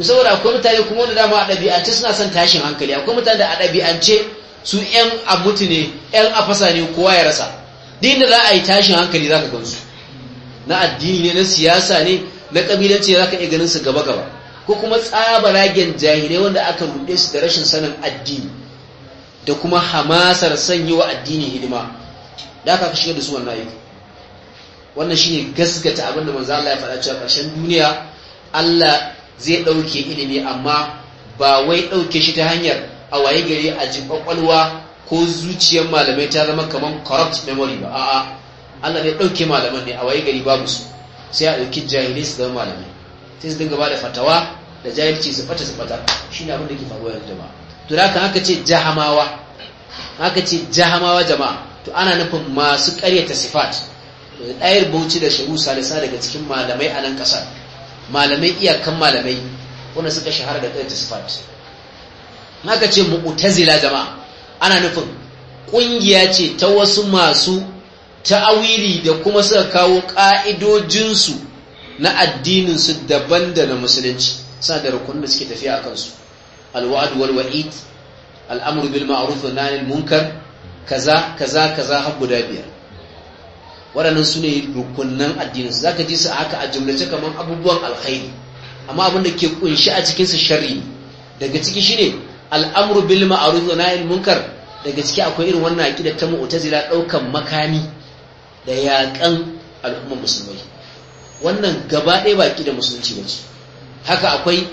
Speaker 1: saboda akwai mutane kuma wanda dama a ɗabi'ance suna son tashin hankali akwai mutane da a ɗabi'ance su yan abutu ne yan afasa ne kowa ya rasa duk da za a yi tashin hankali za ka gansu na addini ne na siyasa ne na ƙabilanci za ka iya ganin su gaba gaba ko kuma tsabaragen jahilai wanda aka ruɗe su da rashin sanin addini da kuma hamasar sanyi wa addini hidima da aka shigar da su wannan ayyuka wannan shi gaskata abin da manzo Allah ya faɗa cewa ƙarshen duniya Allah zai ɗauke ilimi amma ba wai ɗauke shi ta hanyar a waye gari a ji kwakwalwa ko zuciyar malamai ta zama kamar corrupt memory ba a'a Allah zai ɗauke malaman ne a waye gari babu su sai a ɗauki jahilai su zama malamai sai su dinga ba da fatawa da jahilci su fata su fata shi ne abin da ke faruwa yanzu jama'a to da haka ce jahamawa haka ce jahamawa jama'a to ana nufin masu ƙaryata sifat ɗayar bauchi da shehu salisa daga cikin malamai a nan ƙasar malamai iyakan malamai wanda suka shahara da ƙaryata sifat haka ce mu'tazila jama'a ana nufin ƙungiya ce ta wasu masu ta'awili da kuma suka kawo ƙa'idojinsu na addinin su daban da na musulunci sa da rukunin da suke tafiya a kansu alwa'ad wal wa'id al'amru bil ma'ruf wa nahy munkar kaza kaza kaza har guda biyar waɗannan su ne rukunan addinin su ka ji su haka a jumlace kamar abubuwan alkhairi amma abin da ke kunshi a cikin su sharri daga ciki shine al'amru bil ma'ruf wa nahyi munkar daga ciki akwai irin wannan aqida ta mu'tazila daukan makami da yaƙan al'ummar musulmai wannan gaba ɗaya ba da musulunci ba haka akwai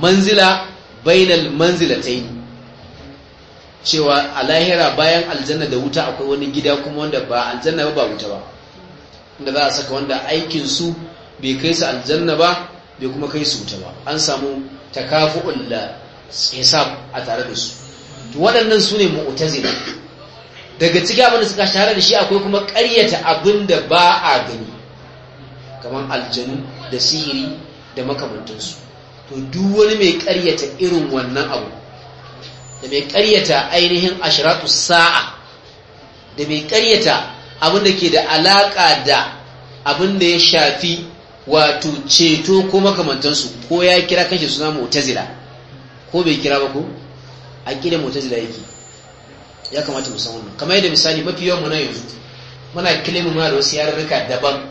Speaker 1: manzila bainal manzilataini cewa a lahira bayan aljanna da wuta akwai wani gida kuma wanda ba aljanna ba ba wuta ba inda za a saka wanda aikin su bai kai su aljanna ba bai kuma kai su wuta ba an samu takafu'un da hisab a tare da su to waɗannan su ne mu'tazila daga cikin abin da suka shahara da shi akwai kuma ƙaryata abin da ba a gani kamar aljanu da sihiri da makamantansu to duk wani mai ƙaryata irin wannan abu da mai karyata ainihin ashiratu sa'a da mai karyata abin da ke da alaƙa da abin da ya shafi wato ceto ko makamantansu ko ya kira kashe suna Zira. ko bai kira ba ko a ƙila mutazila yake ya kamata musamman wannan kamar yadda misali mafi yawan muna yanzu muna kilimin muna da wasu yarurruka daban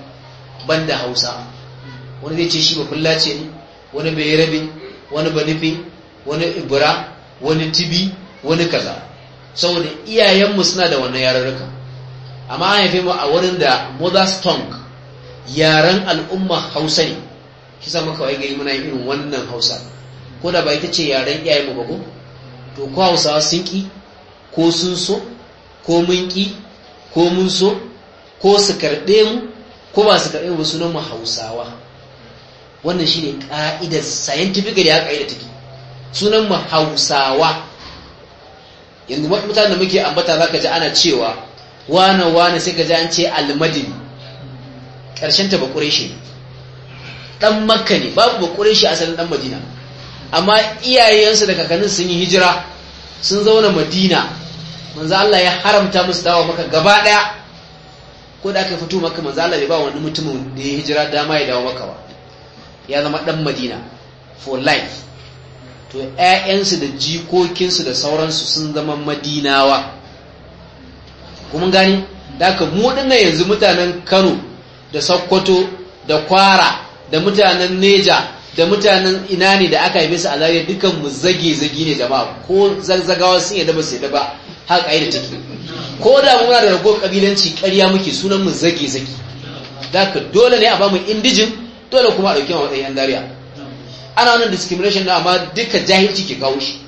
Speaker 1: ban da hausa wani zai ce shi ba kulla ce ne wani bai rabi wani ba nufi wani ibra wani tibi wani kaza saboda iyayenmu suna da wannan yarurruka amma an haife mu a wurin da mother's tongue yaren al'umma hausa ne shi sa maka gari muna yin irin wannan hausa ko da ba ita ce yaren iyayenmu ba ko to ko hausawa sun ki ko sun so ko mun ki ko mun so ko su karɓe mu ko ba su karɓe mu sunan mu hausawa wannan shine ka'idar scientific da ya ka'ida take sunan mu hausawa yanzu mutanen da muke ambata za ka ji ana cewa wane wane sai ka ji an ce almadini ƙarshen ta bakure shi Ɗan makka ne babu bakure shi asalin ɗan madina amma iyayensu da kakannin sun yi hijira sun zauna madina manzo Allah ya haramta musu dawo maka gaba ɗaya, ko da aka fito maka manzo Allah bai ba wani mutumin da ya hijira dama ya dawo maka ba ya zama ɗan madina for life to ‘ya'yansu da jikokinsu da sauransu sun zama madinawa kuma gani da ka yanzu mutanen kano da sokoto da kwara da mutanen neja da mutanen ina ne da aka haife su a zariya dukan mu zage-zage ne jama'a ko zazzagawa sun yadda ba su yadda ba har da take ko da muna da rago ƙabilanci ƙarya muke sunan mu zage-zage da ka dole ne a ba mu indijin dole kuma a ɗauki a matsayin yan zariya ana wannan discrimination na amma duka jahilci ke kawo shi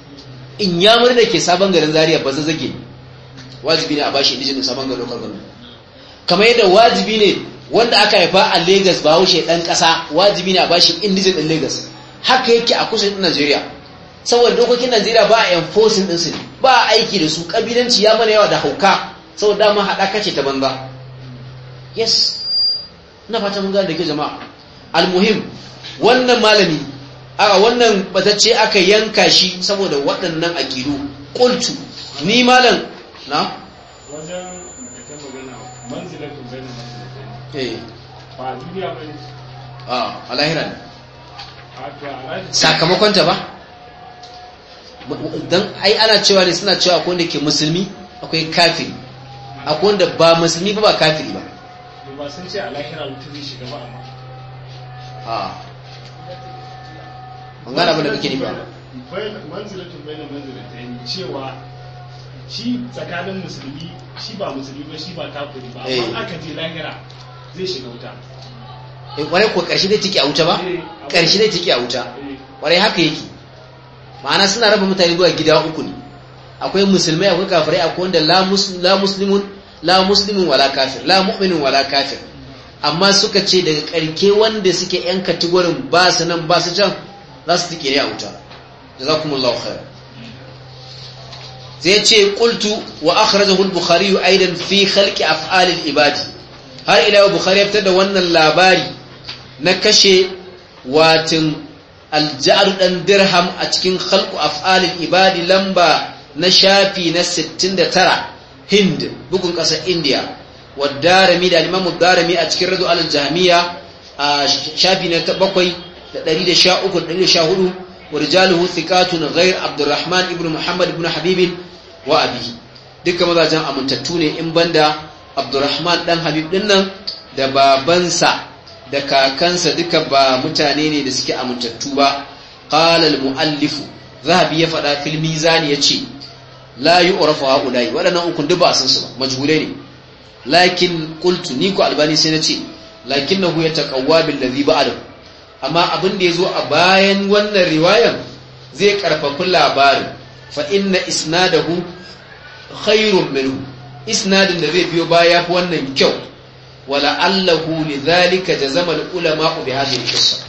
Speaker 1: in ya da ke sabon garin zaria ba zage wajibi ne a bashi indijin sabon garin lokal kamar yadda wajibi ne wanda aka haifa a lagos ba haushe dan kasa wajibi ne a bashi indijin din lagos haka yake a kusa din najeriya saboda dokokin najeriya ba a enforcing din su ne ba aiki da su kabilanci ya mana yawa da hauka saboda dama haɗaka ce ta banza yes na fata mun gane da ke jama'a almuhim wannan malami A'a wannan batacce aka yanka shi saboda waɗannan aƙidu ƙultu ni malam na wajen da magana na eh. ba a duniya ba a sakamakonta ba don ai ana cewa ne suna cewa akwai wanda ke musulmi akwai kafiri akwai wanda ba musulmi ba ba kafiri ba ba sun ce a mutum shiga ba amma
Speaker 2: an gane abin da kake nufi
Speaker 1: manzilatun bayan manzilatun cewa shi tsakanin musulmi shi ba musulmi ba shi ba kafiri ba eh. amma aka je lahira zai shiga wuta in eh, kwarai ko karshe dai take a wuta ba karshe eh, dai take a wuta kwarai haka yake ma'ana suna raba mutane zuwa gida uku ne akwai musulmai akwai kafirai akwai wanda la muslimun la muslimun wala kafir la mu'minun wala kafir amma suka ce daga karke wanda suke yan katigorin ba su nan ba su can za su tike ne a wuta jazakumullahu khair zai ce qultu wa akhrajahu al-bukhari aidan fi khalqi af'al al-ibad har ila bukhari ya fitar da wannan labari na kashe watin al-ja'r dan dirham a cikin khalqu af'al al-ibad lamba na shafi na 69 hind bugun ƙasar india wa darimi da al darami a cikin radu al a shafi na 7 da ɗari da 114 wa rijaluhu thiqatun ghayr abdurrahman ibnu muhammad ibn habib wa abi duka mazajen amintattu ne in banda abdurrahman dan habib din nan da babansa da kakansa duka ba mutane ne da suke amintattu ba qala al muallif zahabi ya faɗa fil mizan yace la yu'rafu haula'i waɗannan ukun duk ba a san su ba majhulai ne lakin qultu ni ku albani sai na nace lakinnahu yataqawwa bil ladhi Adam. amma abin da ya zo a bayan wannan riwayan zai karfafi labarin fa inna isnadahu khairun minhu isnadin da zai biyo baya fi wannan kyau wala allahu zalika jazama ulama bi hadhihi qissa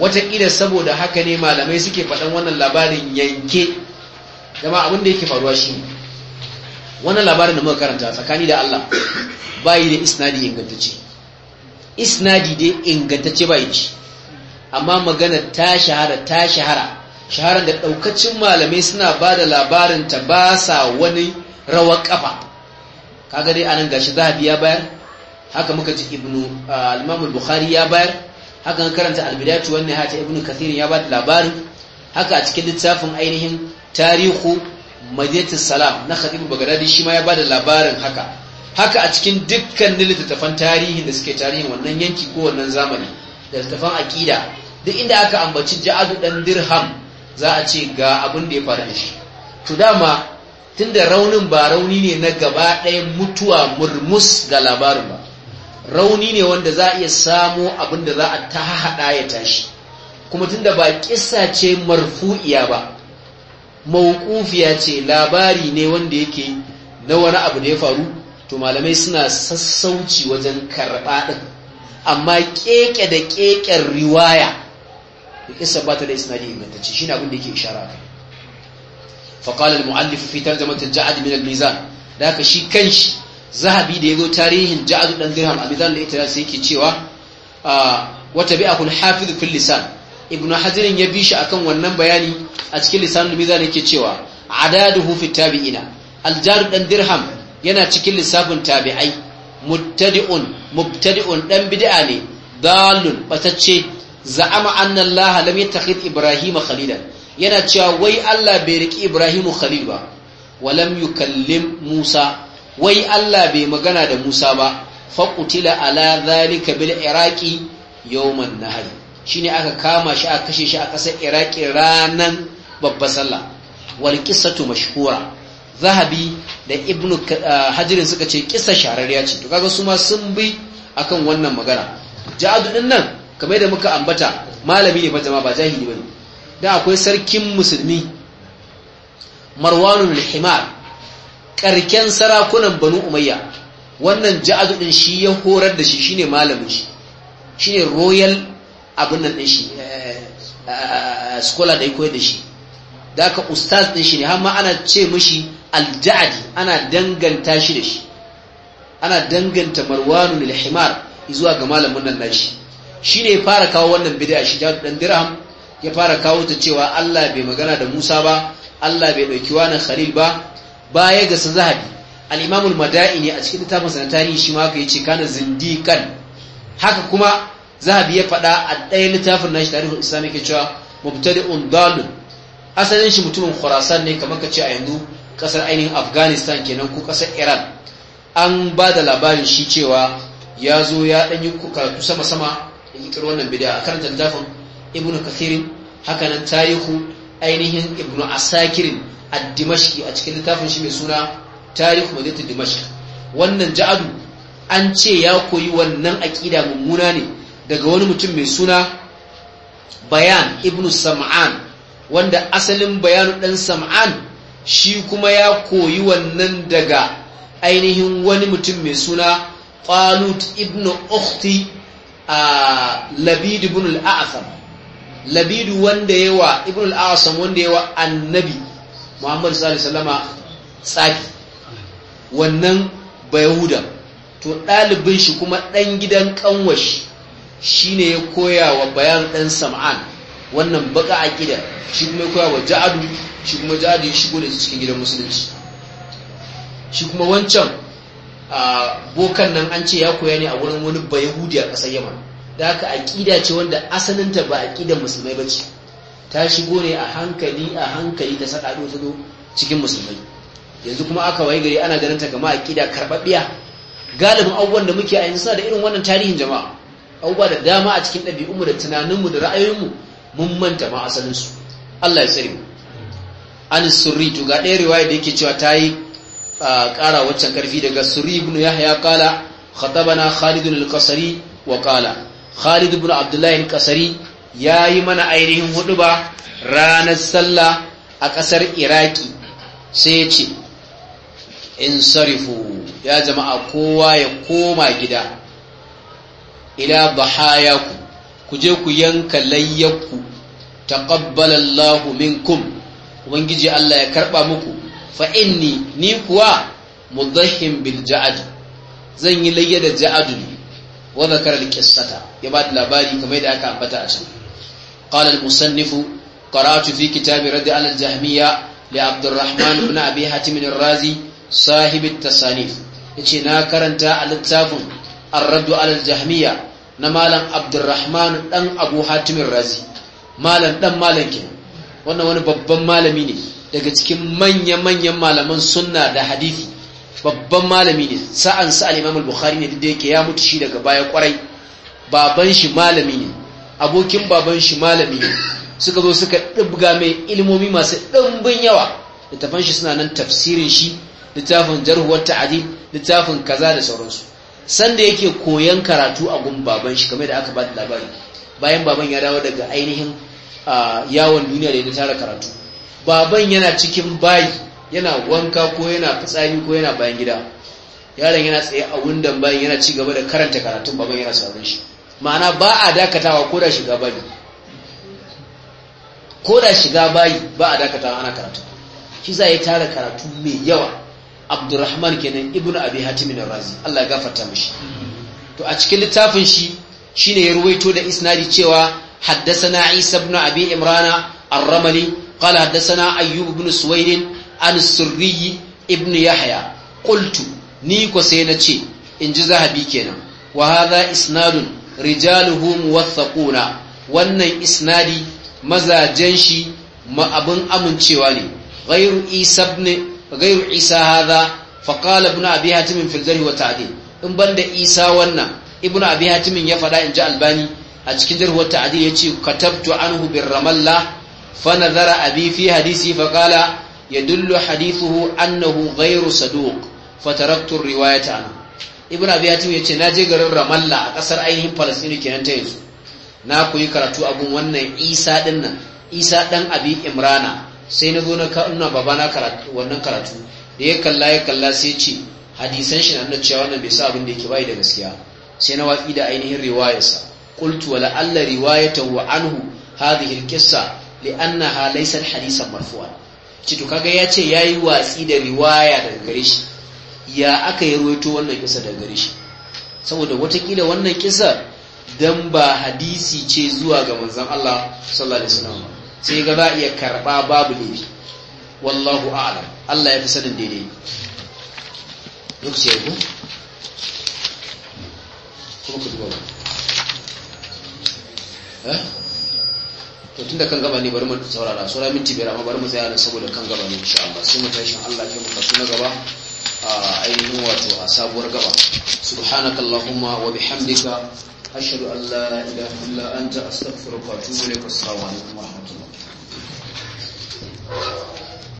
Speaker 1: wata kila saboda haka ne malamai suke faɗan wannan labarin yanke dama abin da yake faruwa shi wannan labarin da muka karanta tsakani da Allah [coughs] bayi da isnadi ingantacce isnadi dai ingantacce bayi shi amma magana ta shahara ta shahara shaharar da ɗaukacin malamai suna ba da labarin ta ba sa wani rawar ƙafa kaga dai anan gashi zahabi ya bayar haka muka ji ibnu ah, al bukhari ya bayar haka an karanta al-bidayatu ha ta ibnu kathir ya ba da labarin haka a cikin littafin ainihin tarihu madinatu salam na khatib bagdadi shi ma ya ba da labarin haka haka a cikin dukkan littattafan tarihi da suke tarihin wannan yanki ko wannan zamani da a aƙida duk inda aka ambaci ja'adu ɗan dirham za a ce ga abin da ya faru da shi to dama tunda raunin ba rauni ne na gaba ɗaya mutuwa murmus ga labarin ba rauni ne wanda za a iya samo abin da za a ta haɗa ya tashi kuma tunda ba kissa ce marfu'iya ba mawqufiya ce labari ne wanda yake na wani abu da ya faru to malamai suna sassauci wajen karɓa din amma keke da keken riwaya to kissa ba ta da isnadi ingantacce shine abin da yake ishara kai fa qala al muallif fi tarjumat al ja'd min al mizan da ka shi kanshi zahabi da yazo tarihin ja'd dan dirham al mizan da ita sai yake cewa wa tabi'ahu al hafiz fil lisan ibnu hajar ya bi shi akan wannan bayani a cikin lisanul mizan yake cewa adaduhu fi tabi'ina al ja'd dan dirham yana cikin lissafin tabi'ai mubtadi'un mubtadi'un dan bid'a ne dalun batacce za'ama anna Allah lam yattakhid Ibrahim khalilan yana cewa wai Allah bai riki Ibrahim khalil ba walam yukallim Musa wai Allah bai magana da Musa ba faqutila ala zalika bil iraqi yawman nahl shine aka kama shi aka kashe shi a ƙasar Iraki ranan babba sallah wal qissatu mashhura zahabi da ibnu ah, hajirin suka ce kisa ya ce to kaga su ma sun bi akan wannan magana jihadu din nan kamar da muka ambata malami ne jama'a ba jahili ne. da akwai sarkin musulmi Marwanu himar karken sarakunan banu umayya wannan jihadu din shi ya horar da shi shine malamin shi shine royal abin nan din shi eh, eh, eh, scholar da ya koyar da shi da aka ustaz din shi ne har ma ana ce mishi al-ja'di ana danganta shi da shi ana zuwa ga malamin nan nashi ne ya fara kawo wannan bid'a shi dan dirham ya fara kawo ta cewa Allah bai magana da Musa ba Allah bai dauki na Khalil ba baya ga Zahabi al-Imam al ne a cikin littafin tarihi shi ma kai ce kana zindikan haka kuma Zahabi ya faɗa a ɗaya littafin nashi tarihin Islami ke cewa mubtadi'un dalil asalin shi mutumin Khurasan ne kamar ka ce a yanzu kasar ainihin afghanistan kenan ko kasar iran an ba da labarin shi cewa ya zo ya ɗan yi karatu sama-sama da ƙiƙar wannan bidiyar a karanta littafin ibn kathirin hakanan tarihu ainihin ibnu asakirin a dimashki a cikin littafin shi mai suna tarihu madinatu dimashki wannan ja'adu an ce ya koyi wannan aƙida mummuna ne daga wani mutum mai suna bayan ibnu sam'an wanda asalin bayanu ɗan sam'an shi kuma ya koyi wannan daga ainihin wani mutum mai suna ƙwalut ibn ukhti a labid ibn al-a'sam labidu wanda yawa ibn al-a'sam wanda yawa annabi muhammad sallallahu alaihi tsaki wannan bayahuda to ɗalibin shi kuma ɗan gidan shi shine ya koya wa bayan ɗan sam'an wannan baka akida shi kuma ya koya wa ja'adu shi kuma jihadi ya shigo da shi cikin gidan musulunci shi kuma wancan a bokan nan an ce ya koya ne a wurin wani bayahudi a ƙasar yaman da haka aƙida ce wanda asalinta ba a aƙidar musulmai ba ce ta shigo ne a hankali a hankali ta saka ta zo cikin musulmai yanzu kuma aka waye gari ana ganin ta kama aƙida karɓaɓɓiya galibin abubuwan da muke a yanzu suna da irin wannan tarihin jama'a abubuwa da dama a cikin ɗabi'unmu da tunaninmu da ra'ayoyinmu mun manta ma asalinsu Allah ya tsare mu anis surri to ga ɗaya riwaya da yake cewa ta yi ƙara waccan ƙarfi daga surri ibn yahya kala khatabana khalid al-qasri wa kala khalid ibn abdullahi al ya yi mana ainihin hudu ba ranar sallah a ƙasar iraki sai ya ce in sarifu ya jama'a kowa ya koma gida ila bahayaku ku je ku yanka layyaku taqabbala Allahu minkum ubangiji Allah ya karba muku fa inni ni kuwa mudahhim bil ja'ad zan yi layya da ja'ad ne wa zakara al qissata ya ba da labari kamar da aka ambata a can qala al musannifu qara'tu fi kitabi rad al jahmiya li abd arrahman ibn abi hatim al razi sahib at tasanif yace na karanta a littafin ar-radd al na malam abd arrahman dan abu hatim al razi malam dan wannan wani babban malami ne daga cikin manya-manyan malaman sunna da hadithi babban malami ne sa'an sa al-imam al-bukhari ne duk da yake ya mutu shi daga baya kwarai baban shi malami ne abokin baban shi malami ne suka zo suka ɗibga mai ilmomi masu ɗimbin yawa littafan shi suna nan tafsirin shi littafin jarhuwar ta'adi littafin kaza da sauransu sanda yake koyan karatu a gun baban shi kamar da aka ba da labari bayan baban ya dawo daga ainihin a yawon duniya da ya tara karatu baban yana cikin bayi yana wanka ko yana fitsari ko yana bayan gida yaron yana tsaye a wundan bayan yana ci gaba da karanta karatun baban yana sauran shi ma'ana ba a dakatawa ko da shiga bayi ko da shiga bayi ba a dakatawa ana karatu shi za ya tara karatu mai yawa abdurrahman kenan ibnu abi hatim razi Allah ya gafarta mishi to a cikin littafin shi shine ya ruwaito da isnadi cewa حدثنا عيسى بن أبي إمران الرملي قال حدثنا أيوب بن سوير عن السري ابن يحيى قلت نيكو سينتشي إن جزاها بيكينا وهذا إسناد رجاله موثقون وأن إسناد maza janshi ma abin amincewa ne gairu isa ne gairu isa haza fa qala ibnu abi hatim fil jarh wa ta'dil in banda isa wannan ibnu abi hatim ya faɗa in ji albani a cikin jarhuwar ta'adil ya ce katabtu anhu bin ramalla fa nazara abi fi hadisi fa Ya yadullu hadithuhu annahu ghairu saduq fa taraktu riwayata anhu ibnu abi hatim yace na je garin ramalla a kasar ainihin palestine kenan ta yanzu na koyi karatu abun wannan isa din nan isa dan abi imrana sai na zo na ina babana karatu wannan karatu da ya kalla ya kalla sai ce hadisan shi na nuna cewa wannan bai sa abin da yake bai da gaskiya sai na watsi da ainihin riwayarsa qultu wala alla riwayatahu anhu hadhihi alqissa li'annaha laysat hadisan marfu'a ci kaga ya ce ya yi watsi da riwaya daga gare shi ya aka yi ruwaito wannan kisa daga gare shi saboda watakila wannan kisa dan ba hadisi ce zuwa ga manzon Allah sallallahu alaihi wasallam sai ga za iya karba babu laifi wallahu a'lam Allah ya fi sanin daidai lokaci ya yi kuma ku duba Eh? to tunda kan gaba ne bari mu saurara saura minti biyar amma bari mu tsaya saboda kan gaba ne insha Allah sai mu tashi Allah ke mu kasu na gaba a ainihin wato a sabuwar gaba subhanakallahumma wa bihamdika ashhadu an la ilaha illa anta astaghfiruka wa atubu ilaik assalamu alaikum wa rahmatullahi